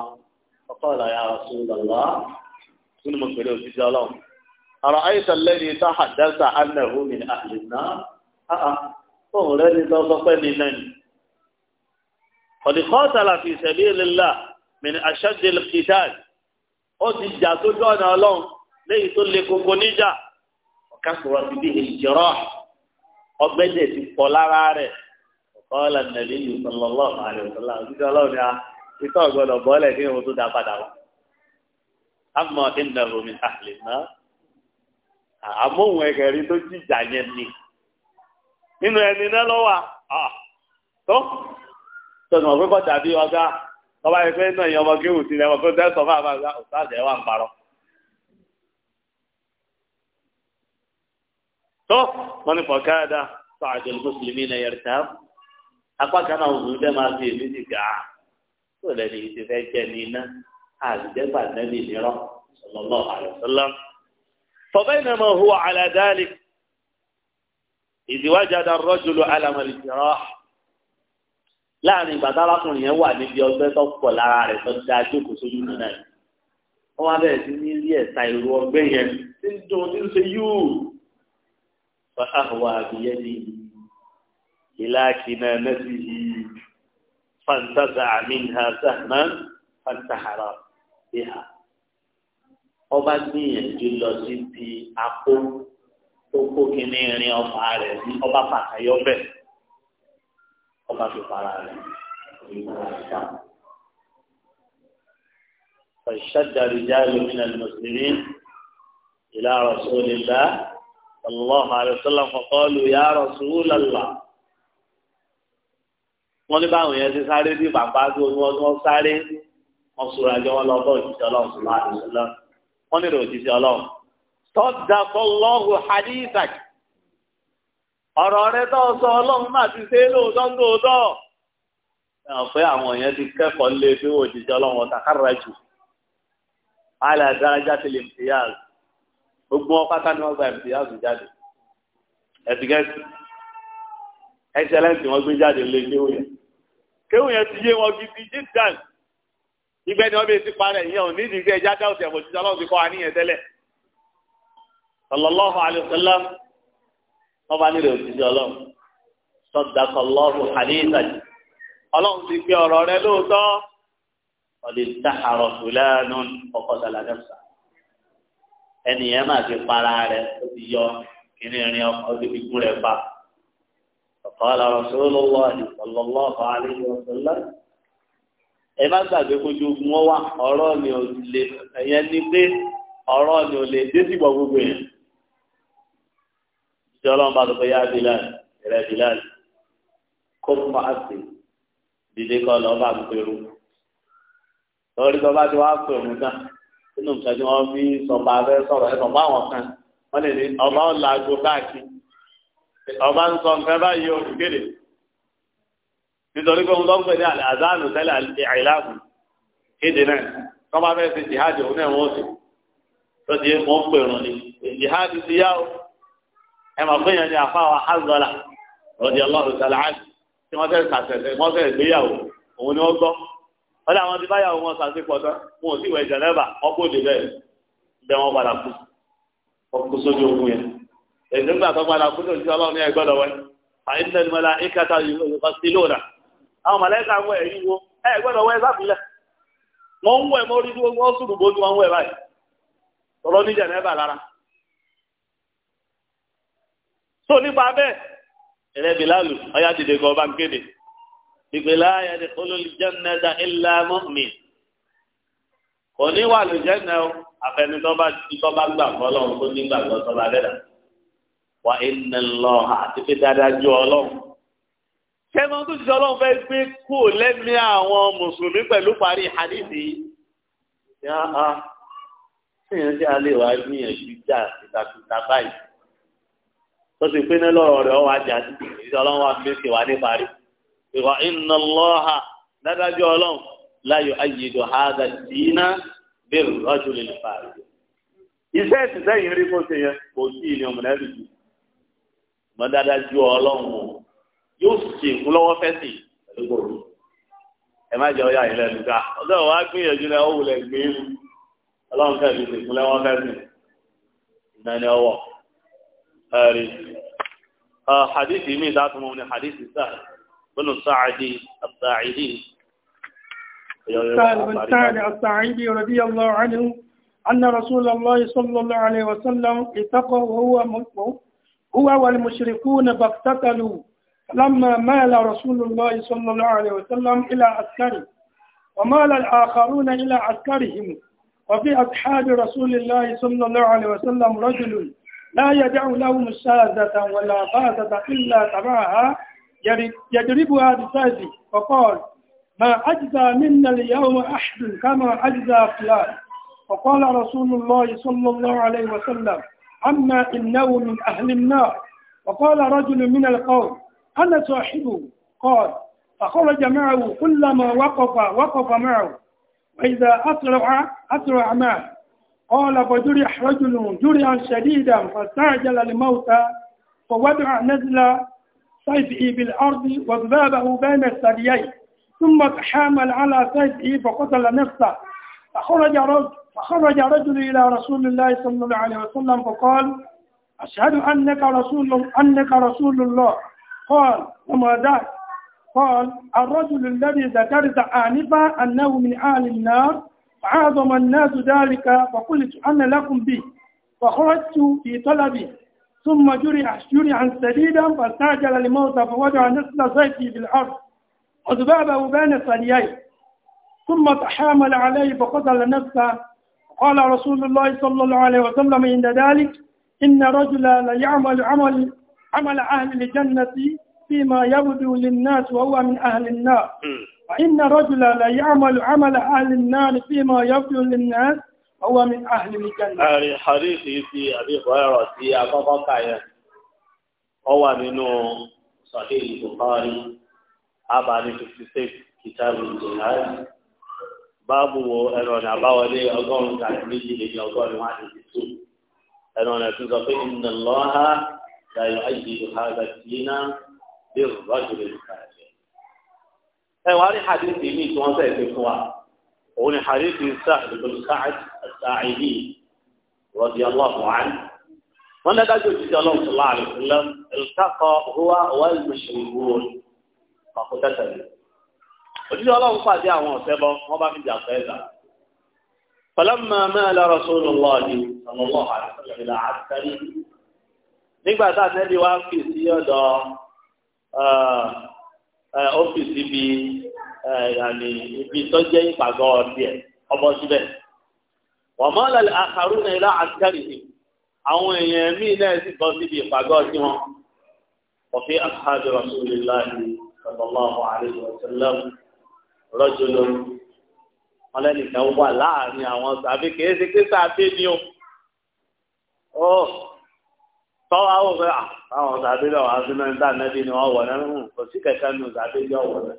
ọkọ̀ ìlàyà rasulullah kí ni mo pèrè òjijì ọlọ́run ọ̀rọ̀ àyíṣà lẹ́yìn tá àdásà ánàhùn mi àlè náà ọ̀hún rẹ̀ ní sọ́sọ́pẹ́ ní náà kọ̀dí kọ́sàlà fi sabilillah min ashaddil qital ó ti jà tó dọ́nà ọlọ́run léyìí tó le koko níjà ọ̀ká sọ̀rọ̀ fi bí ìjọrọ̀ ọgbẹ́dẹ̀ ti pọ̀ lára rẹ̀ ọ̀kọ́lá nàbí sallallahu alaihi wasallam òṣìṣẹ́ ọlọ́run ni a ìtọ́ gbọ́dọ̀ bọ́ọ̀lẹ̀ kí wọ́n tó dá padà wá. àmọ́ innahu min ahli an àmóhùn ẹ̀kẹ́rin tó jìjà yẹn ni nínú ẹni náà lọ́wọ́ tọ́sí mọ̀ pé kọ́ tàbí ọgá ọba yẹn fẹ́ náà ìyẹn ọmọ kéwù sí lẹ́wọ̀n pé bẹ́ẹ̀ sọ fáwọn àgbà òṣàṣẹ wà ń parọ́. tó wọn ni fọ̀kádà sọ àjọ mùsùlùmí náà yẹrì tán apá kan náà òun bẹ́ẹ̀ máa fi èmi ti gà á tó lẹ́ni ti fẹ́ jẹ́ ní iná àdìjẹ́gbà nẹ́bí nírọ́ sallallahu alaihi wasallam. فبينما هو على ذلك إذ وجد الرجل ألم الجراح láàrin ìgbà tálákùnrin yẹn wà níbi ọgbẹ́ tó pọ̀ lára rẹ̀ tó da jókòó sójú nínú náà wọ́n wá bẹ̀rẹ̀ sí ní rí ẹ̀ta ìrù ọgbẹ́ yẹn tí ń dùn tí ń ṣe yóò fàáhùwà àbíyẹ́ ni ìlàkìnà mẹ́sì yìí fàǹtàzà àmìnà sàmà fàǹtàhàrà bíhà ọba gbìyànjú lọ sí ti tó kó kíní rin ọba rẹ̀ ní ọba pàtàkì ọbẹ̀ ọba fi para rẹ̀ فاشتد رجال من المسلمين إلى رسول الله صلى الله عليه وسلم فقالوا يا رسول الله wọ́n ní báwọn yẹn ti sáré bí bàbá tó ní wọ́n tó ń sáré wọ́n sọ̀rọ̀ àjọ wọn lọ bọ́ òjijì ọlọ́run sọ̀rọ̀ àdìsọ́lá wọ́n nílò òjijì ọlọ́run tọ́jà kọ́ lọ́hùn hadíìsàkì ọ̀rọ̀ rẹ tó sọ ọlọ́run máa ti ṣe lóòótọ́ ń lóòótọ́. ẹ̀hàn pé àwọn yẹn ti kẹ́kọ̀ọ́ lé bí wò jíjẹ́ ọlọ́run ọ̀tà kára jù. aládàájá ti lè mùtíyàz gbogbo wọn pátá ni wọn gba mùtíyàz jáde. ẹ̀dígẹ́sì ẹ̀ṣẹ̀lẹ̀sì wọn gbé jáde lé kéwù yẹn. kéwù yẹn ti yé wọn gidi jíjàn. ibẹ̀ ni wọ́n bẹ ti parẹ́ ìyẹn ò ní ìdíkẹ́ jáde ọ̀sẹ̀ wọ́n bá nílò òṣìṣẹ́ ọlọ́run sọ́dàkọ̀lọ́rù àdéhìsàn ọlọ́run ti gbé ọ̀rọ̀ rẹ lóòótọ́ ọ̀lẹ́ dáhàrọ̀ fúlẹ́ẹ̀nù ọkọ̀dàlà dẹ́sà ẹnìyẹn máa ti para rẹ ó ti yọ kìnìún ọkọ̀ tó fi gún rẹ pa ọ̀kọ́lá rọ̀ṣọ́lọ́wọ́ ìfọ̀lọ́lọ́ ẹ má gbàgbé kojú ogun wọn wá ọ̀rọ̀ ni ò lè ẹ̀yẹn ní pé ọ̀rọ̀ ni ò lè dé síbọ̀ gbogbo yẹn tí ọlọ́run bá tó fẹ́ yá Bilal rẹ̀ Bilal kó fún wa sí dìde kọ́ lọ́ bá ń pẹ̀rù lórí tó bá ti wá pẹ̀rù náà nínú nǹkan tí wọ́n fi sọ̀bà fẹ́ sọ̀rọ̀ ẹ̀ sọ̀bà àwọn kan wọ́n lè ní ọba ń laago káàkiri ọba ń sọ nǹkan báyìí o kéde nítorí pé òun tó ń pè ní àzánù tẹ́lẹ̀ àìláàbù kéde náà tó bá fẹ́ ṣe jihadi òun náà wọ́n sì tó ti mọ̀ pẹ̀rù ni jihadi ti yá o. ẹ mọ̀ pé yẹn ni àfáwà a rọ̀dì ọlọ́run sàlẹ̀ àti tí wọ́n fẹ́ẹ́ sàṣẹ̀ṣẹ̀ wọ́n fẹ́ẹ́ gbéyàwó òun ni wọ́n gbọ́ wọ́n dà ti báyàwó wọn wọn ò padà kú sójú ogun yẹn nígbà tó padà kú yẹn àyè ìkàtà yorùbá sí àwọn ẹ̀yìn wo ẹ sábìlẹ̀ tó nípa bẹ́ẹ̀ ẹ̀rẹ́ Bilalu ọ̀yá dìde gan ọba ń kéde ìgbèlà ayẹyẹ olólùjẹ́nà dá ilà mọ́mì kò ní wà lùjẹ́nà o àfẹnitọ́ba tọ́ba gbà fọlọ́run tó nígbà tó tọ́ba dẹ́dà wà iná lọ àti pé dáadáa ju ọlọ́run kẹ́mi tó ti sọ ọlọ́run fẹ́ gbé kú lẹ́mí àwọn mùsùlùmí pẹ̀lú parí hadithi yá a ṣèyàn tí a lè wá gbìyànjú jà tìtàtìtà báyìí. tó ti pín lọ́rọ̀ rẹ̀ ọwọ́ ajá sí ìdí ọlọ́run wa wà ní parí ìwà iná lọ́ha dádájọ́ ọlọ́run láyò ayédò lè parí. iṣẹ́ ìṣiṣẹ́ yìí rí kó ṣe yẹn kò sí ìní mọ dádájọ́ ọlọ́run o yóò ṣe ẹ má jẹ́ ọjọ́ gbìyànjú náà ó wulẹ̀ gbé ọlọ́run fẹ́ẹ́ fi ìnáni ọwọ́ ẹ̀rí. حديثي مين؟ daa tuma wani hadithi sahl bin sa'di سهل بن سعد السعيدي رضي الله عنه أن رسول الله صلى الله عليه وسلم اتقوا وهو هو والمشركون فاقتتلوا لما مال رسول الله صلى الله عليه وسلم إلى عسكره ومال الآخرون إلى عسكرهم وفي أصحاب رسول الله صلى الله عليه وسلم رجل لا يدع لهم شاذة ولا فاذة إلا تبعها يضربها بسازي فقال ما أجزى منا اليوم أحد كما أجزى فلان فقال رسول الله صلى الله عليه وسلم أما إنه من أهل النار وقال رجل من القوم أنا صاحبه قال فخرج معه كلما وقف وقف معه وإذا أسرع أسرع معه قال فجرح رجل جرحا شديدا فاستعجل الموت فوضع نزل سيفه بالأرض وذبابه بين الثديين ثم تحامل على سيفه فقتل نفسه فخرج رجل فخرج رجل إلى رسول الله صلى الله عليه وسلم فقال أشهد أنك رسول أنك رسول الله قال وما ذاك قال الرجل الذي ذكرت آنفا أنه من آل النار فعظم الناس ذلك فقلت أنا لكم بي فخرجت في طلبي ثم جرع عن سديدا فاستعجل الموت فوضع نسل سيفي في الأرض وذبابه بين ثدييه ثم تحامل عليه فقتل نفسه قال رسول الله صلى الله عليه وسلم عند ذلك إن رجل لا يعمل عمل عمل أهل الجنة فيما يبدو للناس وهو من أهل النار فإن رجلا لا يعمل عمل أهل النار فيما يفعل للناس هو من أهل الجنة. أهل حديثي في أبي هريرة في أبا بكر هو من صحيح البخاري أبا 56 كتاب الجهاد باب أنا ona ọ̀nà àbáwọlé ọgọ́rùn-ún àti méjìlélẹ́yìn ọgọ́rùn-ún àti títú ẹnu ọ̀nà tó sọ pé ìnàlọ́ha la ẹ wàá rí hadith yìí tí wọ́n sẹ́yìn fún wa òun ni hadith Sa'd ibn Sa'd as-Sa'idi radiyallahu anhu wọ́n lẹ́ka jù jíjẹ́ ọlọ́run sọ̀lá àlùfẹ́lẹ́ ìlkakọ̀ huwa wal mushrikun ọ̀kúta tẹ̀lé òjíṣẹ́ ọlọ́run pàdé àwọn ọ̀sẹ́ bọ́ wọ́n bá fi jà fẹ́ gbà falamma mala rasulullahi sallallahu alaihi ọ́fíìsì bíi yàní ibi tọ́jẹ́ ìpàgọ́ ọ̀dẹ̀ ọmọ síbẹ̀. wọ́n mọ́ lálẹ́ àkàrú náà ilá àtikárìsì àwọn èèyàn míì náà sì bọ́ síbi ìpàgọ́ sí wọn. وفي أصحاب رسول الله صلى الله عليه وسلم رجل ọlẹ́nìkan wà láàrin àwọn sàbí kìí ṣe kí ni o tọ́wọ́ àwọn ọ̀gá àwọn ọ̀sàbílẹ̀ ọ̀hún àfihàn ni wọ́n wọ̀ náà hùn kò sí kẹ̀kẹ́ nù ọ̀sàbílẹ̀ ọ̀wọ̀ náà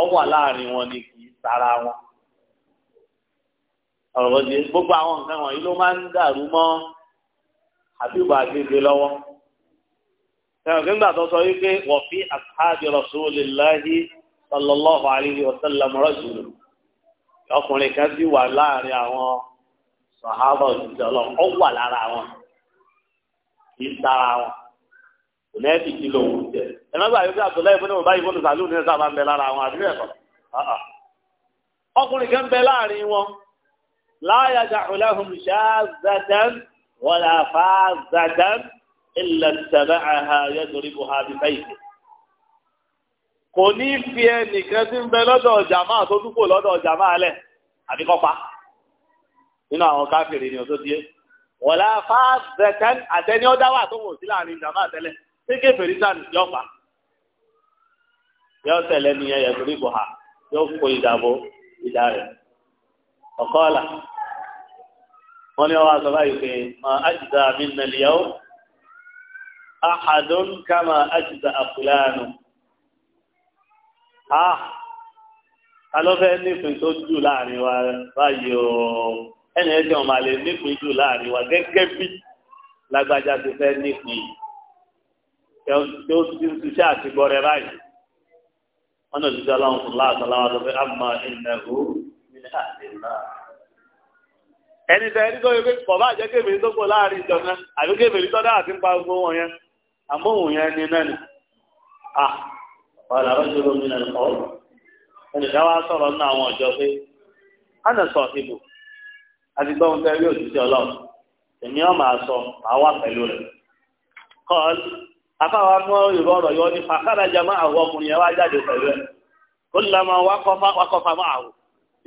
ọwọ́ láàrin wọn ni kì í tara wọn. ọ̀rọ̀ di gbogbo àwọn nǹkan wọ̀nyí ló máa ń dàrú mọ́ àbíbọ̀ àgbègbè lọ́wọ́. ẹ̀rọ nígbà tó sọ wípé wọ́n fi ashabi rasulillahi sallallahu alayhi wa sallam rajul ọkùnrin kan sì wà láàrin àwọn sàhábà òṣìṣẹ́ ọlọ́run ó wà kì í sára wọn kò ní ẹbí kí lòun jẹ ẹ má Abdullahi ibùdó bàbá ìbùdó sàlù ní sábà ń bẹ lára wọn àbí ẹkọ ọkùnrin kan bẹ láàrin wọn ilẹ̀ tẹ̀lé àhà kò ní fi ẹnìkan tí ń bẹ lọ́dọ̀ ọjà máa tó dúpọ̀ lọ́dọ̀ ọjà máa lẹ̀ àbíkọ́pa nínú àwọn ni wọ̀lá fáfẹ́tẹ́n àtẹni ọ̀dá wà tó wò sí láàrin ìjàmbá àtẹlẹ ní kéferì sàn yọ pa yọ tẹlẹ nìyẹn yẹ torí bọ̀ ha yóò kó ìdàbò ìdá rẹ̀ ọ̀kọ́ ọ̀la wọ́n ní ọwọ́ àgbà yìí pé mà ájìdá mi nàlẹ́ àhàdùn kàmà ájìdá àfúlànù. a ta ló fẹ́ tó jù láàrin wa báyìí o ẹnì ẹjọ́ máa lè nípìn jù láàrin wa gẹ́gẹ́ bí lágbájá ti fẹ́ nípìn tó ti ń ṣiṣẹ́ àti gbọ́rẹ̀ báyìí wọn náà ti sọ Ọlọ́run fún láàtọ láwọn tó fẹ́ àmọ́ ìnáwó nílẹ̀ àti náà. ẹni tẹ ẹni tó yẹ pé bàbá àjẹ kébèrè tó pọ̀ láàrin ìjọba àbí kébèrè tó dáa ti ń pa gbogbo wọn yẹn àmọ́ òun yẹn ni náà ni. ọ̀là rọ́jò lómi náà ni ọ̀rọ̀ ẹnì kan wá sọ̀rọ̀ nínú àwọn ọ̀jọ́ pé ana sọ ìbò àti gbọ́n fẹ́ rí òṣìṣẹ́ ọlọ́run èmi ọ̀ máa sọ máa wà pẹ̀lú rẹ̀ kọ́ọ̀l afáwa mọ́ ìró ọ̀rọ̀ yọ ní fàkàrà jama àwọn ọkùnrin yẹn wá jáde pẹ̀lú ẹ̀ kó lamọ wakọfa mọ́ àwò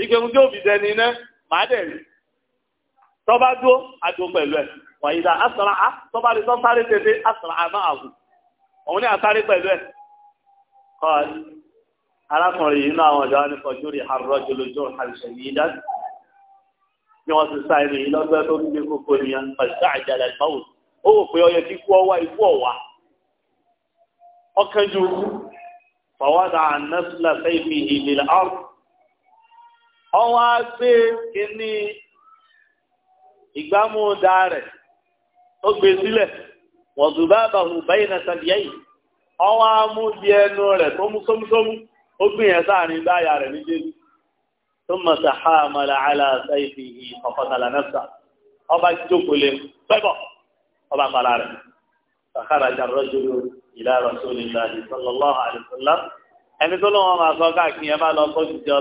ike mú kí òbí dẹni iná màá dẹ̀ rí tọ́ba dúró àdó pẹ̀lú ẹ̀ wàyí dá asọ̀rọ̀ á tọ́ba rí sọ́sáré tètè asọ̀rọ̀ àmọ́ àwò òun ní àsáré pẹ̀lú ẹ̀ kọ́ọ̀l arákùnrin yìí náà àwọn ọ̀dọ́ wa ní kọjú àrùrọ̀ jòlójó àrùsẹ̀ yìí dáadáa ni wọ́n ti sáré yìí lọ́gbẹ́ tó ń gbé kókó nìyẹn pẹ̀lú àjàlẹ̀ ìfọwọ́ ó wò pé ọyẹ kíkú ọwá ikú ọ̀wá ọkànjú fọwọ́dà nẹ́sùlẹ̀ fẹ́mi ìlẹ̀ ọ̀rọ̀ ọwọ́ á gbé kíní ìgbámú da rẹ̀ ó gbé sílẹ̀ wọ̀dùbá bàhù bẹ́yìn náà tàbí ẹ̀yìn ọwọ́ mú di ẹnu rẹ̀ tó mú sómúsómú ó gbìyànjú àárín báyà rẹ̀ méjèèjì. ثم تحامل على سيفه فقتل نفسه أبا جبل بيبا أبا قرار فخرج الرجل إلى رسول الله صلى الله عليه وسلم أن تلوه ما صدقك يا ما لو صدق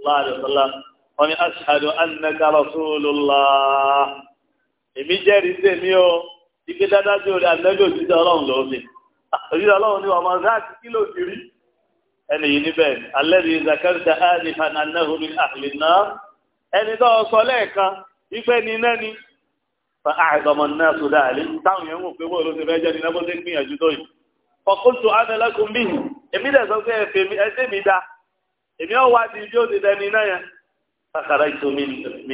الله عليه وسلم ومن أشهد أنك رسول الله èmi jẹ́rìí sèmi o ike dáadáa tí o الله àtẹ́jọ́ òṣìṣẹ́ لو lọ́wọ́ mi òṣìṣẹ́ ọlọ́run ni wọ́n máa ẹni yìí níbẹ̀ alẹ́bí zakarita alifan anahuri ahlina ẹni tó sọ lẹ́ẹ̀kan ìfẹ́ ni iná ni fa àìsàmọ̀ náà sódà àlẹ́ táwọn yẹn ń wò pé wọ́n ló ti fẹ́ jẹ́ ni náà bó ṣe gbìyànjú tó yìí fọkúntù ánilẹ́kùn bí èmi dẹ̀ sọ pé ẹ̀fẹ̀ mi ẹ̀sẹ̀ mi da èmi ọ̀ wá di yóò ti dẹni iná yẹn kàkàrà ètò mi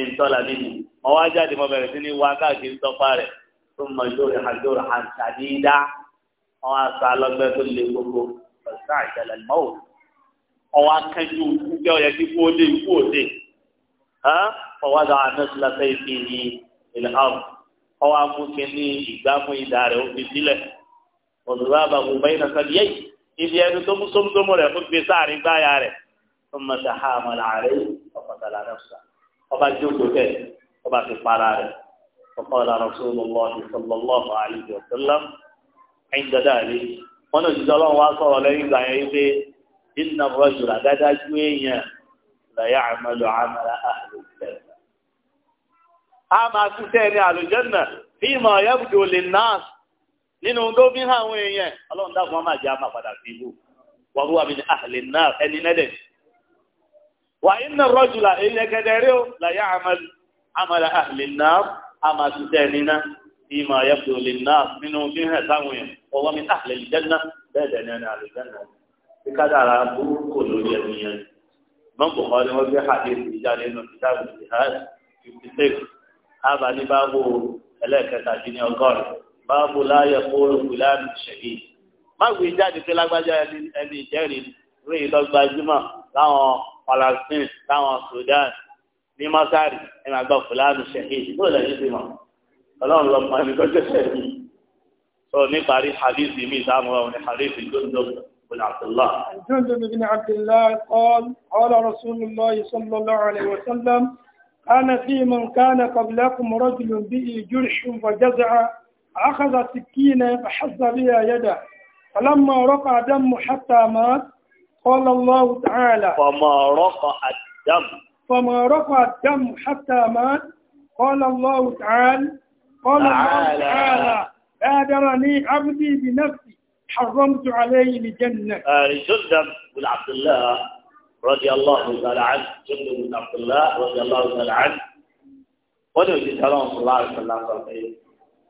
ń tọ́la mi ni mo wá jáde mo bẹ̀rẹ̀ sí ní wá káàkiri tọ́pá rẹ̀ tó mọ ìjọ rẹ̀ àjọ rẹ̀ àǹtàdídá wọn á sá lọ́gbẹ́ tó le gbogbo pẹ̀lú àìdẹ̀lẹ̀ mọ́wò ọwọ́ akẹ́jú kúkẹ́ ọ̀yẹ́ kí kú ó dé ikú ó dé ọwọ́ àdá anẹ́sílẹ́sẹ́ ìfi ní ilẹ̀ ọ̀rọ̀ ọwọ́ amúkẹ́ ní ìgbà fún ìdá rẹ̀ ó fi sílẹ̀ òdùbà bàbá òbẹ́ iná sọ yẹ́ ibi ẹni tó mú sómúsómú rẹ̀ ó gbé sáàrin gbáyà rẹ̀ tó mọ̀ sí àmọ́ làárẹ̀ ọ̀pọ̀tàlá wọn ní òjijì ọlọ́run wá sọ̀rọ̀ lẹ́yìn ìgbà yẹn wípé iná rọ́jù àdádájú èèyàn lẹ́yà àmàlà àlùjẹ́ a máa ṣiṣẹ́ ní àlùjẹ́nà bí ìmọ̀ ọ̀yẹ́bùdó lè náà nínú tó fi àwọn èèyàn ọlọ́run dákun wọn máa jẹ́ àmà padà sí ibú wọ́n wà mí ní àlè náà ẹni nẹ́dẹ̀ wà iná rọ́jù àmàlà náà a máa ní náà bí máa yẹ kúrò lè ná nínú bí hàn sáwọn yẹn ọwọ́ mi náà lè jẹ́nà bẹ́ẹ̀ dẹ̀ ní àlè jẹ́nà bí kádàrà burúkú lórí ẹ̀mí yẹn mọ́kò kan ni wọ́n gbé hàdé ìjà nínú ìjà ìjìhàn fifty six ábà ní báàbò ẹlẹ́ẹ̀kẹta dín ní ọgọ́rin báàbò láàyè kóró fúlàní ṣẹ̀yí má gbé jáde pé lágbájá ẹni ìjẹ́rìí rí lọ́gbàjúmọ̀ láwọn Palestine láwọn Sudan ní mọ́sárì ẹ̀ máa gbọ́ fúlàní ṣẹ̀yí ọlọ́run lọ máa ní lọ́jọ́ sẹ́yìn sọ níparí hadith mi ìdáhùn ọ̀hún ní hadith Jundub bin Abdullah. Jundub bin Abdullah qala qala Rasulullah sallallahu alayhi wa sallam kana fi man kana qablakum rajulun bihi jurhun fajaza'a أخذ سكينا فحز بها يده فلما رقع دم حتى مات قال الله تعالى فما رقع الدم فما رقع الدم حتى مات قال الله تعالى قال الله تعالى آدرني عبدي بنفسي حرمت عليه الجنة جندب بن عبد الله رضي الله تعالى عنه جندب بن عبد الله رضي الله تعالى عنه wọ́n ní òṣìṣẹ́ ọlọ́run sọ̀rọ̀ àṣọ lásán pé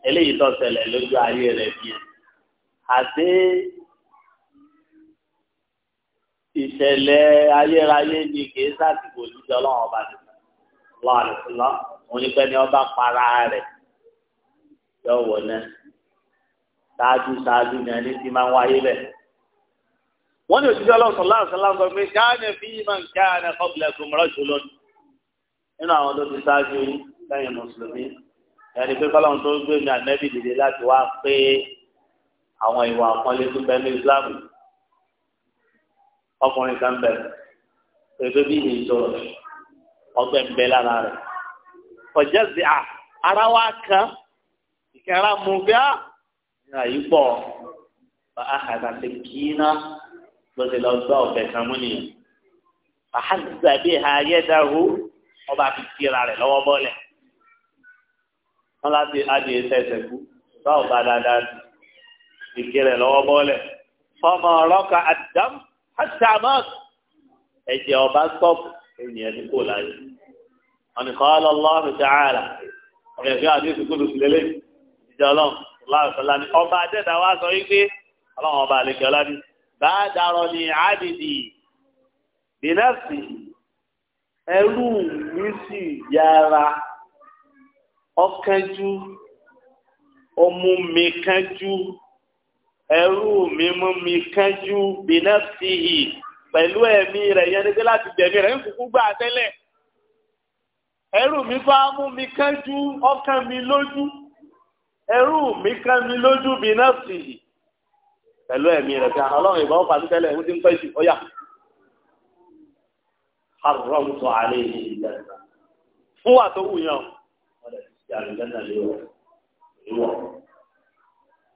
eléyìí tó ṣẹlẹ̀ lójú ayé rẹ̀ bí ẹ̀ àti ìṣẹ̀lẹ̀ ayérayé ni kìí sásìkò òṣìṣẹ́ ọlọ́run ọba nìkan lọ́ọ̀lùfúnlọ́ òun ní pẹ́ ni yọ wọ náà ṣáájú ṣáájú ní ẹni tí máa ń wáyé bẹ. wọn ní òṣìṣẹ́ ọlọ́sọ̀ láàṣọ láàṣọ pé káàní fi máa ń káàní kọ́bìlẹ̀ kò mọ́rọ́ ṣù lónìí. nínú àwọn tó ti ṣáájú lẹ́yìn mùsùlùmí ẹni pé kọ́lọ́run tó gbé mi ànẹ́bì dìde láti wá pé àwọn ìwà àpọ́nlé tó bẹ ní Islam ọkùnrin kan bẹ pẹ̀lú bí ìṣòro ọgbẹ́ ń bẹ lára rẹ̀ ọ̀jẹ̀ sí ara wa kan kẹrà mú bíá ìyá yìí pọ̀ àhàdà ti kì í ná lọ́sẹ̀ lọ gbọ́ ọ̀bẹ kan mú nìyẹn àhàdà bí ha yẹ dáhù ọba fi kíra rẹ̀ lọ́wọ́ bọ́lẹ̀ wọn láti adìyẹ sẹsẹ kú báwo bá dáadáa ti kíra rẹ̀ lọ́wọ́ bọ́lẹ̀ fọmọ ọlọ́kà àdám àtàmọ́t ẹ̀jẹ̀ ọba sọ́ọ̀bù ènìyàn ní kò láyé wọn ni kọ́ ọ́ lọ́lọ́rùn tààlà ọ̀rẹ́ fẹ́ àdéhùn kúlù sílẹ̀ lẹ́yìn òṣìṣẹ́ ọlọ́run láàṣọlá ni ọba àdẹ́ta wa sọ wípé ọlọ́run ọba àlejò ọlá ni bá a darọ ni àdìdì bìnẹ́sì ẹrú mi sì yára ọkànjú ọmú mi kánjú ẹrú mi mú mi kánjú bìnẹ́sì yìí pẹ̀lú ẹ̀mí rẹ̀ yẹn ni pé láti gbẹ̀mí rẹ̀ ń gbà tẹ́lẹ̀ ẹrú mi bá mú mi kánjú ọkàn mi lójú ẹrú mi ká mi lójú bí náà sì pẹ̀lú ẹ̀mí rẹ̀ pé ọlọ́run ìbá ọ̀fà ti tẹ́lẹ̀ ẹ̀hún ti ń pẹ́ jù ọ̀yà. àrùn tó alẹ́ yìí ìjà fún wa tó wù yàn ọ̀dẹ̀ ti àrùn jẹ́nà lé wọ̀ ìwọ̀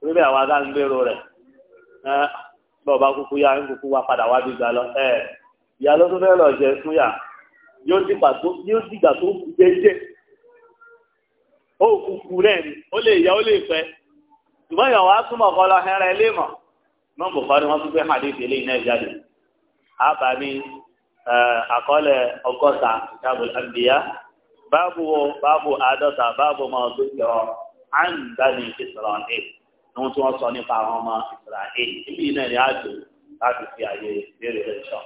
orí bẹ́ẹ̀ àwọn adáni lérò rẹ̀ bọ́ọ̀ bá kúkú yá ń kúkú wá padà wá bí gbà lọ ìyá ló fẹ́ lọ jẹ fún yà yóò dìgbà tó jẹ́jẹ́ ó kúkú rẹ̀ ni ó lè yá ó lè fẹ́ ṣùgbọ́n ìyàwó á túnbọ̀ kọ́ lọ hẹ́rẹ́ ilé mọ̀ náà Bukhari wọn tún fẹ́ hadith eléyìí náà jáde àbá ní àkọọ́lẹ̀ ọgọ́ta kitabul anbiya báàbù báàbù àádọ́ta báàbù máa tó jọ àǹdáni Isra'il ohun tí wọ́n sọ nípa àwọn ọmọ Isra'il ibi náà ni àjò láti fi àyè ìbéèrè rẹ̀ sọ.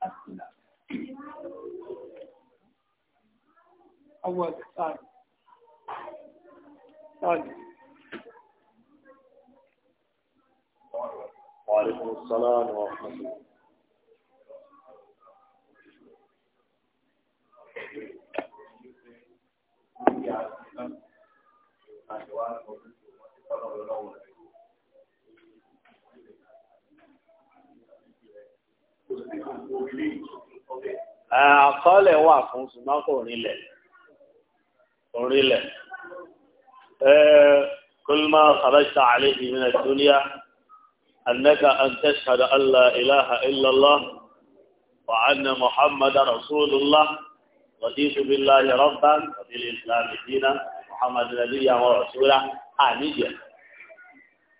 Thank you. أول ثاني ثالث وعليكم السلام ورحمة الله Àkọọ́lẹ̀ wà fún ṣùgbọ́n kò rí lẹ̀ orílẹ̀ kólmá kàbáṣà àlejò ìmìnà dúníà annaka an tashhadu an la ilaha illallah wa anna muhammadan rasulullah رضيت بالله ربا وبالإسلام دينا محمد نبيا ورسولا حامديا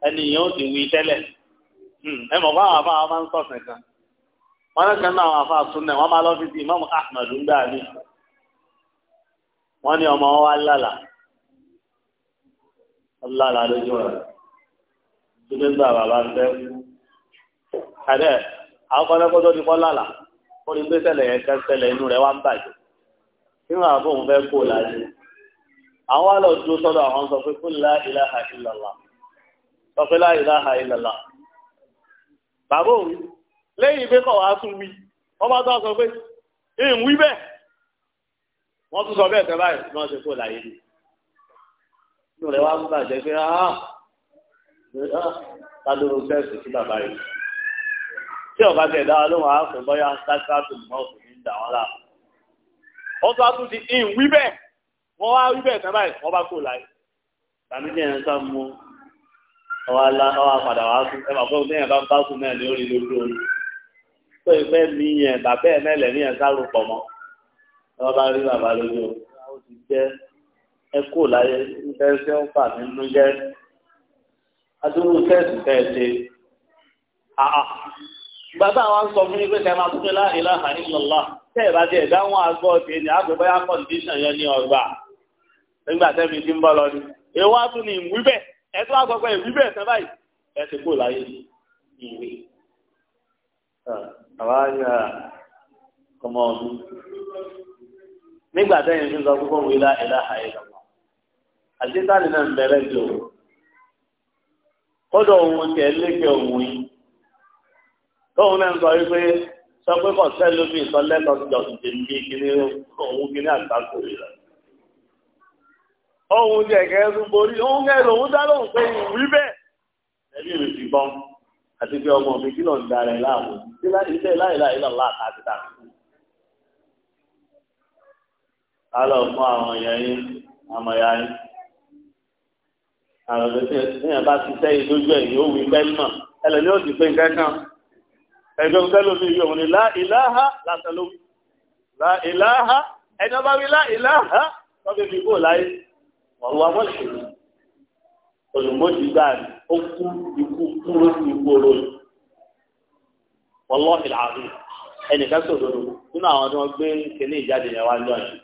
ẹni yóò ti wí tẹ́lẹ̀ hmm, ẹ mọ̀ fáwọn afá máa ń sọ̀sẹ̀ kan wọn náà kan náà àwọn afá sunna wọn máa lọ fi imam ahmed ń wọ́n ní ọmọ wa lálà lálà lójú rẹ̀ tóbi gba bàbá fẹ́ kàdẹ́ àwọn kọ́lẹ́kọ́ tó ti kọ́ lálà ó ní pé ṣẹlẹ̀ yẹn kẹsẹ̀lẹ̀ inú rẹ̀ wá ń bàjẹ́ nínú àbọ̀ òun fẹ́ kó láyé àwọn wa lọ dúró sọ́dọ̀ àwọn sọ pé kó lá ilaha illallah sọ pé lá ilaha illallah bàbá òun lẹ́yìn ìgbé kọ̀ wá tún mi wọ́n bá tó sọ pé èèyàn wí bẹ́ẹ̀ wọ́n tún sọ bẹ́ẹ̀ fẹ́ báyìí wọ́n ṣe kó láyé ni inú rẹ̀ wá ń bàjẹ́ pé áá ah, ah, ta sẹ́ẹ̀sì sí bàbá yìí tí ọba tẹ̀ dára lóhùn àáfẹ́ bọ́yá sákàtù náà kò ní í dà wọ́n láàmú tún á tún ti ìn wí bẹ́ẹ̀ wọ́n wá wí bẹ́ẹ̀ fẹ́ báyìí wọ́n bá kó láyé tàbí kí ẹ̀ sá mú ọwọ́ padà wá sùn ẹ̀ bàbá òun tẹ̀yìn bá bá sùn náà ní orí lójú wọn bá rí bàbá lójú ó ti jẹ ẹ kó láyé nígbà tí ó fà mí nínú jẹ adúgbò kẹsì tẹ ẹ ṣe àà bàbá wa ń sọ fún yín pé kẹ máa fún mi lá ilaha illallah tẹ ẹ bá jẹ ẹ dáhùn agbọ ọtí ni àgbẹ bóyá kọndíṣàn yẹn ní ọgbà nígbà tẹmí ti ń bọ̀ lọ ni èèwọ̀ á tún ní ìwí bẹ ẹ tún àgbọgbọ ìwí bẹ tán báyìí ẹ ti kó láyé ìwé àwọn àyà ọmọ ọdún nígbà tẹ́yìn fi sọ púpọ̀ wí lá ẹ̀dá àìlọ́wọ́ àtìsáàlì náà ń bẹ̀rẹ̀ jù ú kódà òun tiẹ̀ lékè òun yìí tóun náà ń sọ wípé sọ pé sẹ́lú mi sọ lẹ́tọ̀ọ́ sí jọ̀sìn tèmi bíi kíní òun kíní àgbákò rẹ̀ lọ. òun tiẹ̀ kẹ́rù borí òun kẹ́rù òun dá lóhùn pé ìwú bẹ́ẹ̀ ẹ̀mí mi ti bọ́n àti pé ọmọ mi kí alọ fún àwọn èèyàn yín àmọ́ ya yín àwọn ọ̀dọ́ tí èèyàn bá ti sẹ́yìn lójú ẹ̀ yóò wí pẹ́ mọ̀ ẹlẹ́ni ó ti pé nǹkan kan ẹ̀jọ̀ ń tẹ́lẹ̀ omi yòówù ni láìláha lásán ló wí láìláha ẹni ọba wí láìláha wọ́n fi fi kó láyé wọ́n wá mọ́lẹ̀ olùmọ́jì gbà ní ó kú ikú kúrò sí ikú olóyè wọ́n lọ́ọ̀hìn àárín ẹnìkan sọ̀rọ̀ nínú àwọn tí wọ́n gbé kéde ìjáde yẹn wá lọ́yìn.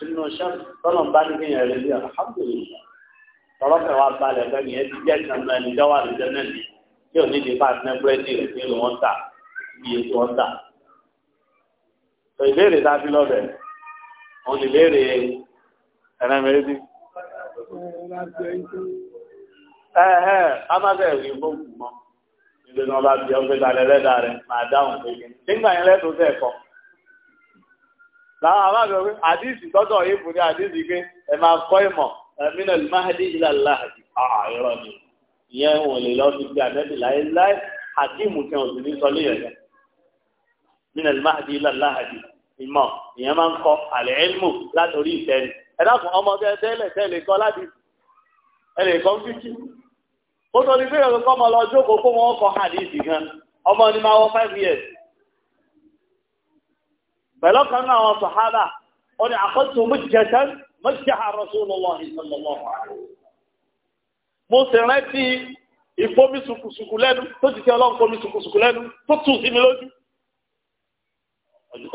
sínú ṣẹ́m tọ́nà bá ní kéèyàn rẹ̀ lé alhamdulilayi tọ́rọ́ fẹ́ wá balẹ̀ lẹ́nu ẹ ti jẹ́ ìtàn ẹni dáwà lè jẹ́ náà ní tí ò ní di pàṣẹ náà búrẹ́dì rẹ̀ nílùú wọn tà iye tí wọ́n tà. sọ ìbéèrè tá a fi lọ bẹ̀ òun ní ìbéèrè ẹ̀rẹ́mẹ́rẹ́dì. ẹ̀ẹ́ a máa fẹ́ rí gbóngbò mọ́ nígbà tí wọ́n bá bí ọ láwọn aláàbẹ̀ wí àdìsí tọ́tọ̀ yìí fún ní àdìsí pé ẹ máa kọ́ ìmọ̀ ẹ̀mínà mahadi ilàlá àìrọ̀ ni ìyẹn wọn lè lọ sí bí àmẹ́bí láyé láyé àdìmù kan òsì ní sọlé yẹn mínà mahadi ilàlá àdì ìmọ̀ ìyẹn máa ń kọ́ àlẹ́ ẹ̀lmù látòrí ìtẹ́ni ẹ dákun ọmọ bẹ tẹ́lẹ̀ tẹ́lẹ̀ kọ́ láti ẹlẹ́ kọ́ kọ́ ọmọ pẹ̀lú kan náà àwọn sàhábà ó ní àkọ́tù mọ́jẹ̀tẹ́ mọ́jẹ̀hà Rasulullahi sallallahu alaihi mo sì rántí ìfomi sùkùsùkù lẹ́nu tó ti tẹ́ ọlọ́run fomi sùkùsùkù lẹ́nu tó tù sí mi lójú.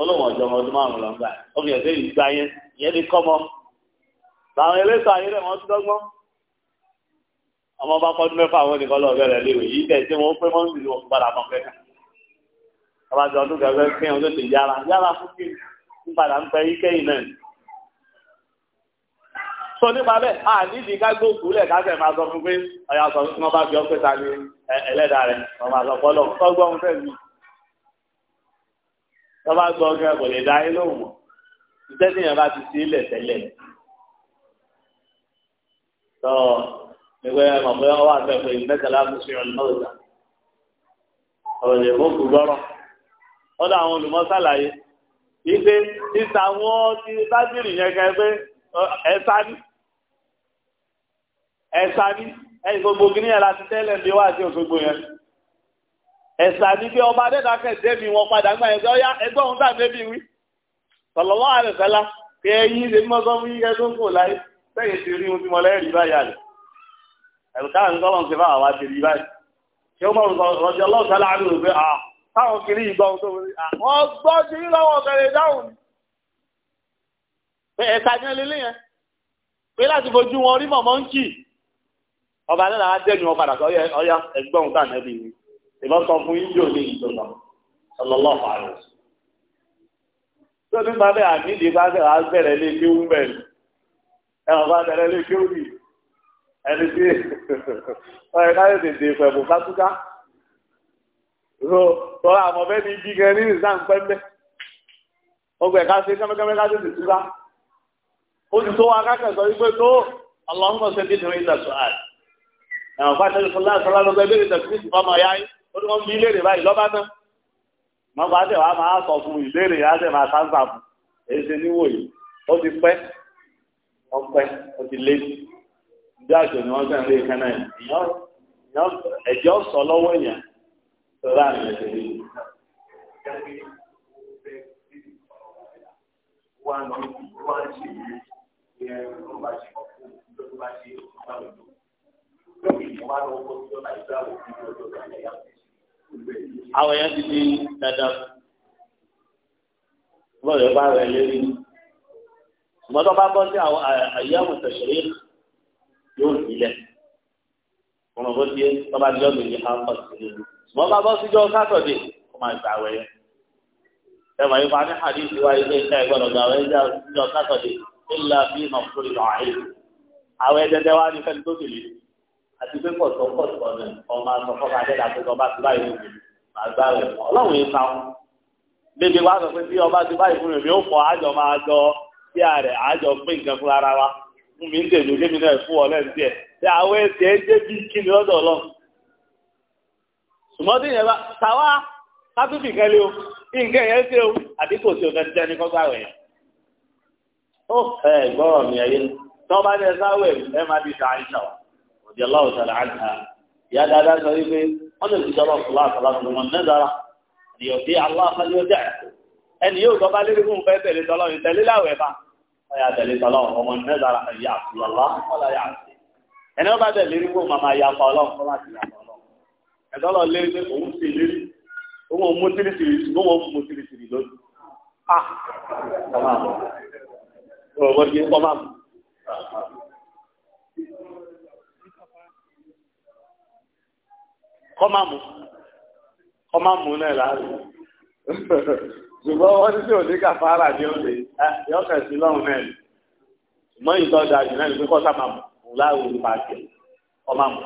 ọlọ́run ọjọ́ ọmọ ọdún márùn-ún lọ́gbà ọmọ ìyàgbé ìgbà yẹn ìyẹn ní kọ́mọ làwọn elétò ayé rẹ̀ wọ́n ti dọ́gbọ́n ọmọ bá kọ́ ọdún mẹ́fà àwọn ènìyàn lọ́ọ́ bẹ̀rẹ̀ léwu yìí tẹ̀ tí wọ́n pé mọ́ ọba tí ọdún kan fẹ́ fi hàn ti yára yára fún kí n padà ń pẹ ikẹ́yìn náà. sọ nípa bẹ́ẹ̀ a nídìí ká gbó kúlẹ̀ ká máa sọ fún pé ọ̀yà sọ fún ọba fi ọ́pẹ́ ta ni ẹlẹ́dàá rẹ̀ ọba sọ fọlọ́ tọ́gbọ́n fẹ́ mi. tọ́ba gbọ́ ọ̀gẹ́ kò lè dá inú mọ̀ ìtẹ́ tí yẹn bá ti sí ilẹ̀ tẹ́lẹ̀. tọ́ ẹgbẹ́ mọ̀ pé ọwọ́ àfẹ́fẹ́ ìmẹ́tẹ̀lá ọ̀rọ̀ lè mú kú gbọ́rọ̀ ọ̀dọ̀ àwọn olùmọ́sàlàyé ìgbé ìta wọn ti bájìrì yẹn kẹ pé ẹ̀sá ní ẹ̀sá ní ẹ̀yìn gbogbo gíní yẹn láti tẹ́lẹ̀ ní wá sí òṣogbo yẹn ẹ̀sá ní pé ọba adẹ́dàkẹ́ débi wọn padà gbà yẹn ọyá ẹgbẹ́ òun tà débi wí tọ̀lọ́wọ́ àrẹ̀fẹ́lá pé ẹ̀yìn lè mọ́ sọ́mú yíyẹ tó ń kò láyé sẹ́yìn ti rí ohun tí mo lẹ́rìí báyà rẹ̀ ẹ̀rù káà ń sọ́lọ́ táwọn kiri ìgbà ọ̀tọ̀ wọlé àwọn gbọ́ sí lọ́wọ́ bẹ̀rẹ̀ dáhùn ni ẹ̀ka ní ẹlẹ́lẹ́ yẹn pé láti fojú wọn rí mọ̀mọ́ ń kì ọba alẹ́ àwọn adẹ́nu ọba àdàkọ́ ọyá ẹgbọ́n tá nẹ́bí ni ìbọn sọ fún yíyí òní ìjọba ọlọ́lọ́ fàárọ̀ tó ní bá bẹ́ẹ̀ àmì ìdí bá bẹ̀rẹ̀ lé kéwú bẹ̀rẹ̀ ẹ̀wọ̀n bá bẹ̀rẹ̀ lé kéwú bì ẹni tí ọ̀rẹ́ káyọ̀ tètè pẹ̀lú kátúká so tọ́lá àmọ́fẹ́ ní ibi gan ní ìsàn pẹ́ńpẹ́ ọgbẹ́ ká ṣe kẹ́mẹ́kẹ́mẹ́ ká tètè túká ó ti tó wa kákẹ́ sọ wípé tó ọlọ́mọ ṣe bí tìrín ìdàtú àì ẹ̀wọ̀n bá tẹ́lẹ̀ fúnlá sọlá lọ́gbẹ́ ìbéèrè ìdàtú ní ìfọ́mọ ya yín ó ní wọ́n bí ìléèrè báyìí lọ́ba náà wọ́n bá tẹ̀ wá máa sọ fún ìléèrè yá tẹ̀ máa sáńsà fún èyí ṣe níwò yìí ó ti pẹ́ ó pẹ́ ó ti lé ìdí àjò ni wọ́n sẹ́ ń lé ìkànnà ẹ̀jọ́ sọ lọ́wọ́ èèyàn sọ̀rọ̀ àmì ìṣèlú. wọ́n á ṣe ìyẹn ló bá ṣe ọkùnrin ló bá ṣe ọkùnrin lórí ìwà lọ́wọ́ tó náà ìgbà wò àwọn èèyàn ti di dandan lọ́yọ̀ bá rẹ̀ lérí mọ́tọ́ bá bọ́ sí àwọn àyẹ̀wò tẹ̀sírí yóò nílẹ̀ wọn bó ti tọ́ba jọ́ọ̀gì ní àwọn ọ̀sìn nínú wọ́n bá bọ́ síjọ́ sátọ̀dé kó máa gbà wẹ̀ yẹn. ẹ̀wọ̀n yìí máa ní hadith wáyé pé ká ìgbọ́dọ̀ gbà wẹ̀ síjọ́ sátọ̀dé ńlá bí mọ̀kúrì ọ̀hìn. àwọn ẹ̀dẹ̀dẹ̀ wá ní fẹ́ni tó tẹ̀lé àti pé pọ̀tọ̀ pọ̀tọ̀ ni ọmọ àtọ̀kọ́ máa dẹ́dà pé ọba ti báyìí fún mi máa gbà wẹ̀ ọlọ́run yìí sáwọn. bébí wa sọ pé bí ọba ti báyìí fún mi mi ò fọ àjọ máa jọ sí àrẹ àjọ pé nǹkan fúnra wa fún mi ń tèmi kémi náà fún ọ lẹ́nu díẹ̀ tí àwọn ẹ̀sìn ẹ̀ jẹ́ bí kíni lọ́dọ̀ ọlọ́run sùmọ́tì yẹn bá tàwa kábíbì kan lé o nǹkan yẹn ṣe o àbí sí o fẹ́ẹ́ jẹ́ni kọ́ sáwẹ̀ ó ẹ gbọ́rọ̀ mi ẹ̀yẹ tó bá dẹ sáwẹ̀ ẹ máa di sàn àìsàn wa òdi aláwọ̀ sàlẹ̀ àìsàn ìyá dáadáa sọ wípé wọ́n lè fi jọlọ́ fúlá àtàlà fún wọn nẹ́dàrà ìyọ̀ bí aláfáàlì ọjà ẹni yóò gbọ́ bá lérí fún fẹ́ tẹ̀lé tọ́lọ́ ìtẹ̀lé láwẹ̀ bá ọ̀yà tẹ̀lé tọ́lọ́ ọmọ nẹ́dàrà ìyá àtúlọ́lá ọ̀là yà á sí ẹni wọ́n bá tẹ̀lé ẹ̀dọ́lọ̀ lé ní òun sì lérí òun mú tìrìsìrì ṣùgbọ́n wọn mú tìrìsìrì lónìí ah ọmọ náà láàrin ṣùgbọ́n wọ́n ní sí òní kàfàárà ní òní yọ́kẹ̀ sí lọ́rùn náà mọ́ ìtọ́jà jù náà ní pé kọ́sàmàmù láàrin pàṣẹ kọ́màmù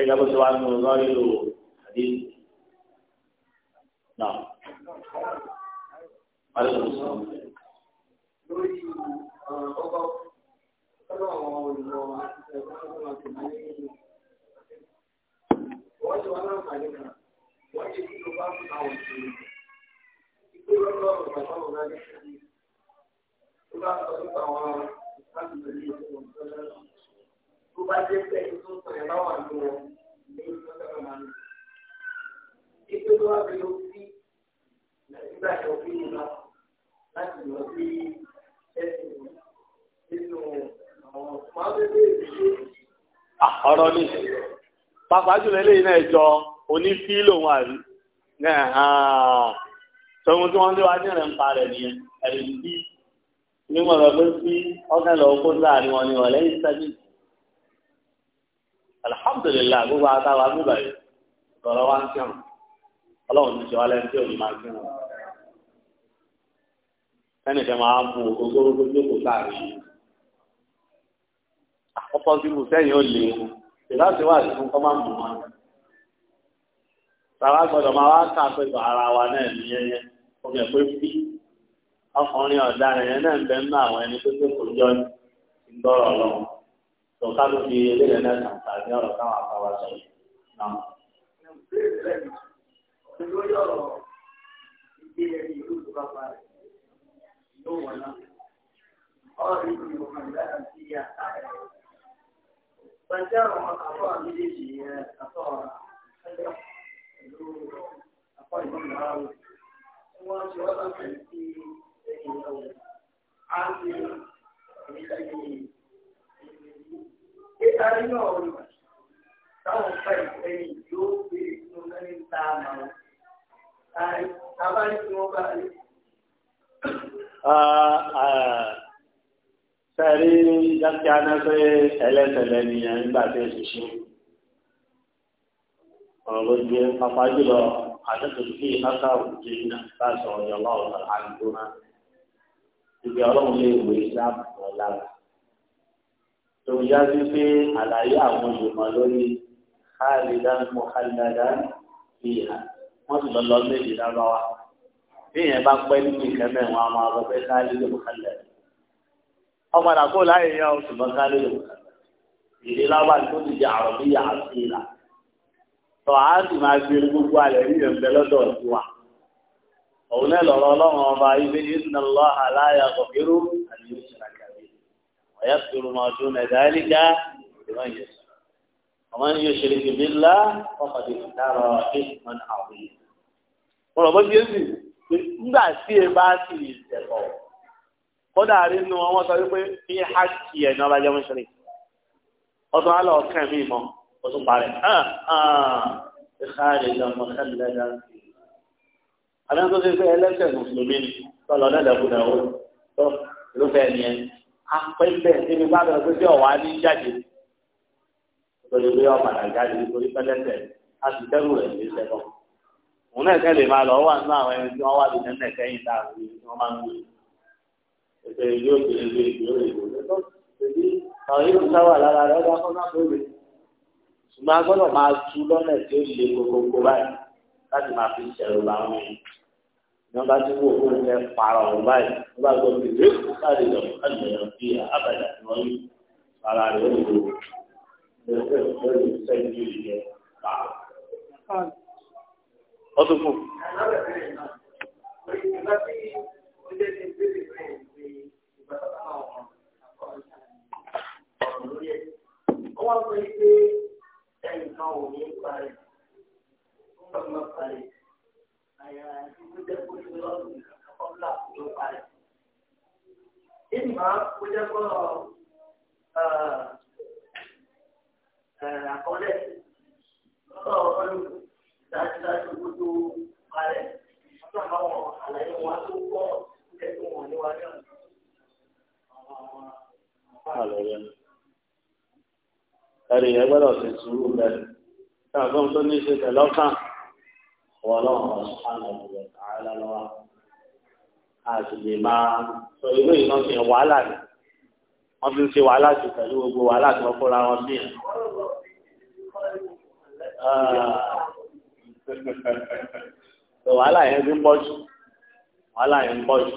ẹgbẹ́ bó ti wá nù lọ́rí lò àdé náà. Alẹ́ kò sọ. Lórí ọgbà tó bá dé pẹ́ tó sọ ẹ̀ bá wà ní wọn ní ìfún sọ́kọ̀ máa ń lò. Ipe tó wá fi lọ sí Nàìjíríà yọ fún mi lọ láti lọ sí ẹ̀sìn nínú àwọn ọ̀pọ̀ ìdílé. Ọ̀rọ̀ ni pàápàá jùlọ eléyìí náà jọ onífíìlò wọn àrí tọ́wọ́n tí wọ́n lé wa ní ẹ̀rẹ̀ ń pa rẹ̀ nìyẹn nígbà lọ pé sí ọ̀gá lọ kó láàrin wọn ni wọn lẹ́yìn sẹ́yìn alihamudulilayi gbogbo ata wa gbogbo ayi tọrọ wa ń kírun ọlọ́run ti ṣe wa lẹ́nu tí òun máa kírun ẹnìkan máa mú ogógóró jókòó káàrin ọkọ bíbu sẹ́yìn ó lè ìbáṣe wà sí fún kọ́ máa mú wọn tàwa gbọ́dọ̀ máa wá kà pé ara wa náà ní omi ẹ̀ pé bí ọkùnrin ọ̀daràn yẹn náà ń bẹ nínú àwọn ẹni tó tó kò jọ ń gbọ́rọ̀ ọlọ́run tòkálù fi eléyìí náà sàn tàbí ọ̀rọ̀ táwọn afáwà sọ yìí náà. lórí ọ̀rọ̀ ìgbé ẹni ìlú tó bá pa rẹ̀ yóò wọ̀ náà ọ̀rọ̀ ìlú ìwọ̀n ìlànà sí ìyá táyà. pẹ̀lú àwọn àbọ̀ méjèèjì yẹn àtọ̀ ẹgbẹ́ ìlú àpọ̀ ìlú ìlànà wọ́n ti wọ́n bá fẹ̀ sí ẹ̀yìn ìlú. a ń fi ìlú Ìta nínú ọ̀rọ̀ táwọn fẹ́ ìfẹ́yìn yóò béèrè fún lẹ́ni tá a máa wọ̀. Àbá ní kí wọ́n bá rí. Sẹ́rí dákíá náà pé ẹlẹ́sẹ̀lẹ́ ni ẹ̀ ń gbà tẹ́ ṣiṣẹ́. Ọ̀rọ̀ ló jẹ́ pápá jùlọ àtẹ̀tẹ̀ sí ìfásá òjì náà bá sọ̀rọ̀ yọ̀ lọ́wọ́ àdúrà. Ìgbé ọlọ́run lè wé ìsìlámù lọ́la tó ń yájú pé àlàyé àwọn olùmọ̀ lórí khalidan mukhalladan fiha wọ́n sì lọ lọ méjì lọ́wọ́ bí yẹn bá pẹ́ nínú ìkẹ́ mẹ́wàá máa bọ́ pé khalidan mukhalladan ọ̀padà kó láyé yá oṣù mọ́ khalidan mukhalladan ìdí láwà tó ti di àrùn bí yà sí ìlà tọ́ a sì máa gbé gbogbo alẹ́ ní ẹ̀ńbẹ́ lọ́dọ̀ tiwa òun náà lọ̀rọ̀ ọlọ́run ọba ibi ìsìn ويغفر ما دون ذلك لمن يشاء ومن يشرك بالله فقد افترى اثما عظيما ọ̀rọ̀ bó ṣe ń sìn nígbà tí ẹ bá sì ìṣẹ̀kọ̀ kódà nínú wọn sọ wípé kí hákì ẹ̀ ní ọba jẹ́ ọtún á lọ kàn mí mọ́ ó tún parẹ́ ìkáàlì lọ́mọ kẹ́lẹ́dá àdáńtó ṣe fẹ́ ẹlẹ́sẹ̀ mùsùlùmí ni tọ́lọ́ lẹ́dàkúdà ó ló fẹ́ ni ẹni apẹ́lẹ̀ níbi bá bẹ̀rẹ̀ pé tí ọ̀wá ní jáde lórí pé ọ̀padà jáde nítorí pẹ́lẹ́tẹ̀ a sì tẹ́rù ní sẹ́kọ̀. òun náà kẹ́lẹ̀ máa lọ wà nínú àwọn ẹni tí wọ́n wà ní nẹ́nẹ̀ kẹ́yìn dáàbò tí wọ́n máa ń gbé. ètò yóò ti lè gbé ìgbé òye ìgbò lẹ́tọ́ èyí àwọn lára rẹ̀ ọ̀dà fọ́nà lórí. ṣùgbọ́n a máa tú lọ́nà tí ó le gbogbo báyìí láti máa fi ṣẹ̀rù làwọn èèyàn nígbà tí kò kó fẹ́ parọ́ ọ̀hún báyìí nígbà tó fi lé káàdì lọ káàdì lọ fi àbàdà tí wọ́n yí ara rẹ̀ ó lò lórí sẹ́ńtì yẹ pa. ó tún kù. wọ́n sọ pé ẹnìkan ò ní parí. Ìmọ̀ kó jẹ́ kọ́ àkọọ́lẹ̀ lọ́dọ̀ ọlọ́run dájúdájú kó tó parẹ́ lọ́dọ̀ àwọn àlàyé wa tó pọ̀ jẹ́ kí wọ́n ní wa ní ọ̀nà. Ẹ̀rì ẹgbẹ́rọ̀ ti sùúrù rẹ̀. Ṣé àgbọ̀n tó ní ṣe tẹ̀lọ́kàn? ọlọ́run ṣáàlù ọ̀gbìn ààrẹ lọ́wọ́ a máa sọ ìwé iná wàhálà ni wọ́n fi ń ṣe wàhálà jù pẹ̀lú gbogbo wàhálà tí wọ́n fọ́ra wọn sí ẹ̀. sọ wàhálà yẹn ti ń pọ̀ jù wàhálà yẹn ń pọ̀ jù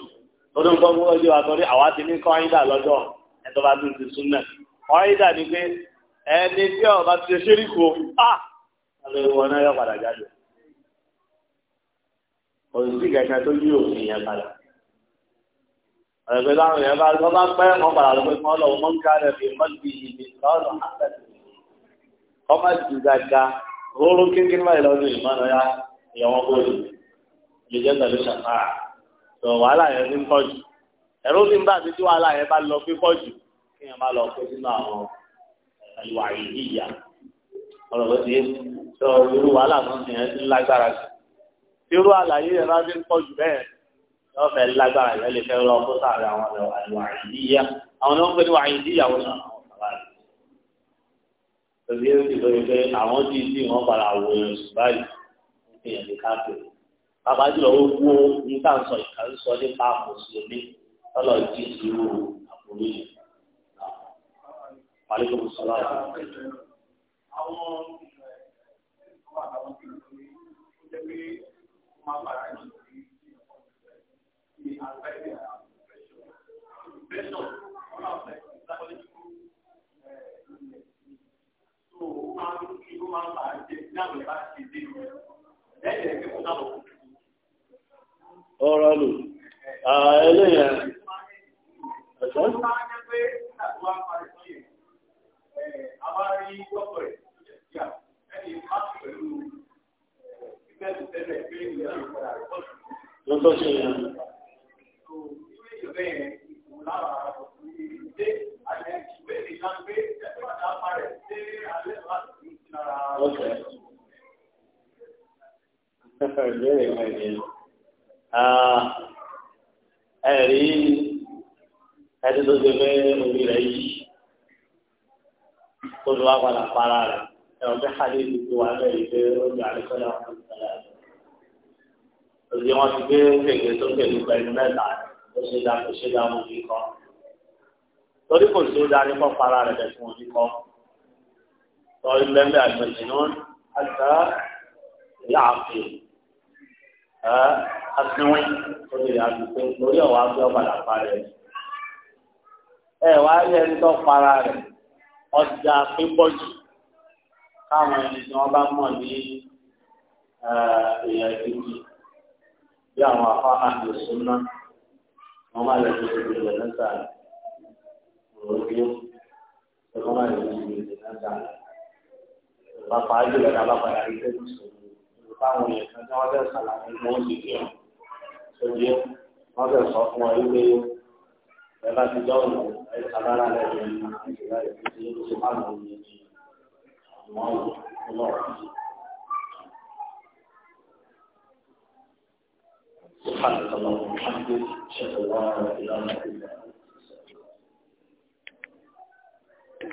lọ́dún nǹkan gbogbo ọjọ́ àtọ́rí àwa ti ní kọ́ńdà lọ́jọ́ ẹ̀tọ́ bá tún ti sún náà kọ́ńdà ni pé ẹni tí ọba ti ṣe ṣírí ah ọlọ́run wọn náà yọ padà jáde òsì kẹkẹ tó yí òfin yẹn padà ọ̀rẹ́gbẹ́ láwọn yẹn bá lọ́ bá pẹ́ wọn padà lọ pé wọ́n lọ wọ́n ń kárẹ̀ fi mọ́tì ìdí lọ́rùn àtẹ̀tẹ̀ ọmọ ìdí gàgà róró kékeré báyìí lọ́dún ìmọ̀nà ya ìyàwó bóyì lè jẹ́ pẹ̀lú ṣàfà tó wàhálà yẹn ti ń pọ̀ jù ẹ̀rọ ti ń bá àti tí wàhálà yẹn bá lọ pípọ̀ jù kí yẹn má lọ pé sínú àwọn ìwà ìyíyà ọ̀rọ̀ bó ti yé tó irú wàhálà tó ń ti irú àlàyé yẹn bá ti ń pọ̀ jù bẹ́ẹ̀ yóò fẹ́ lágbára yẹn lè fẹ́ lọ fún sáré àwọn àìdíyà àwọn náà ń àìdíyà wọn náà àwọn sábà rẹ̀. òbí ti lóye pé àwọn tí ì tí wọn padà wò ó báyìí wọn fi hàn ní káàkiri. bàbá jùlọ ó wó ní ká ń sọ ìka ń sọ nípa mùsùlùmí lọ́lọ́ jí ìlú àbúrò yìí. Màlúkọ̀ ọ̀rọ̀ lò ẹlẹ́yìn ẹ̀sán. Àwọn ló ṣe yẹn. Ẹ̀rí ẹni tó ṣe fẹ́ orí rẹ̀ yìí, tó lọ wá padà para rẹ̀ ẹ̀rọ bí hadith ti wà bẹ́ẹ̀ yìí pé ó di àlùkọ́lá fún ìtàlá rẹ̀. òsì wọn ti gbé gègé sókè nípa ẹni mẹ́ta ó ṣe dá kò ṣe dá mú mi kọ́. torí kò sí ó darí kọ́ para rẹ̀ bẹ̀ fún ojú kọ́. sọ ilẹ̀ ń bẹ àgbẹ̀jì náà àgbà ìyá àfi ẹ asinwin ó lè àgbẹ̀pé lórí ọ̀wá gbé ọ̀padà parẹ́ ẹ wá rí ẹni tó para rẹ̀ ọjà pípọ̀ jù táwọn ẹni tí wọ́n bá mọ̀ ní eh, èèyàn ìdíjì bí àwọn afọ àti ìsúná wọ́n máa lọ sí ibi ìlẹ̀ lẹ́sà òògbé wọ́n máa lọ sí ibi ìlẹ̀ lẹ́sà pàpà jùlọ ní alápàdà rí tẹ́lẹ̀ sọ̀rọ̀ táwọn èèyàn kan tí wọ́n fẹ́ sàlàyé ní wọ́n sì fi hàn sójú wọ́n fẹ́ sọ fún ọ wípé ẹ bá ti dọ́ọ̀nù ẹ sàlára lẹ́yìn àti láì fi ṣe é ṣe má lọ́wọ́ yẹn ní. tomorrow, tomorrow. سبحانك اللهم وبحمدك اشهد ان لا اله الا انت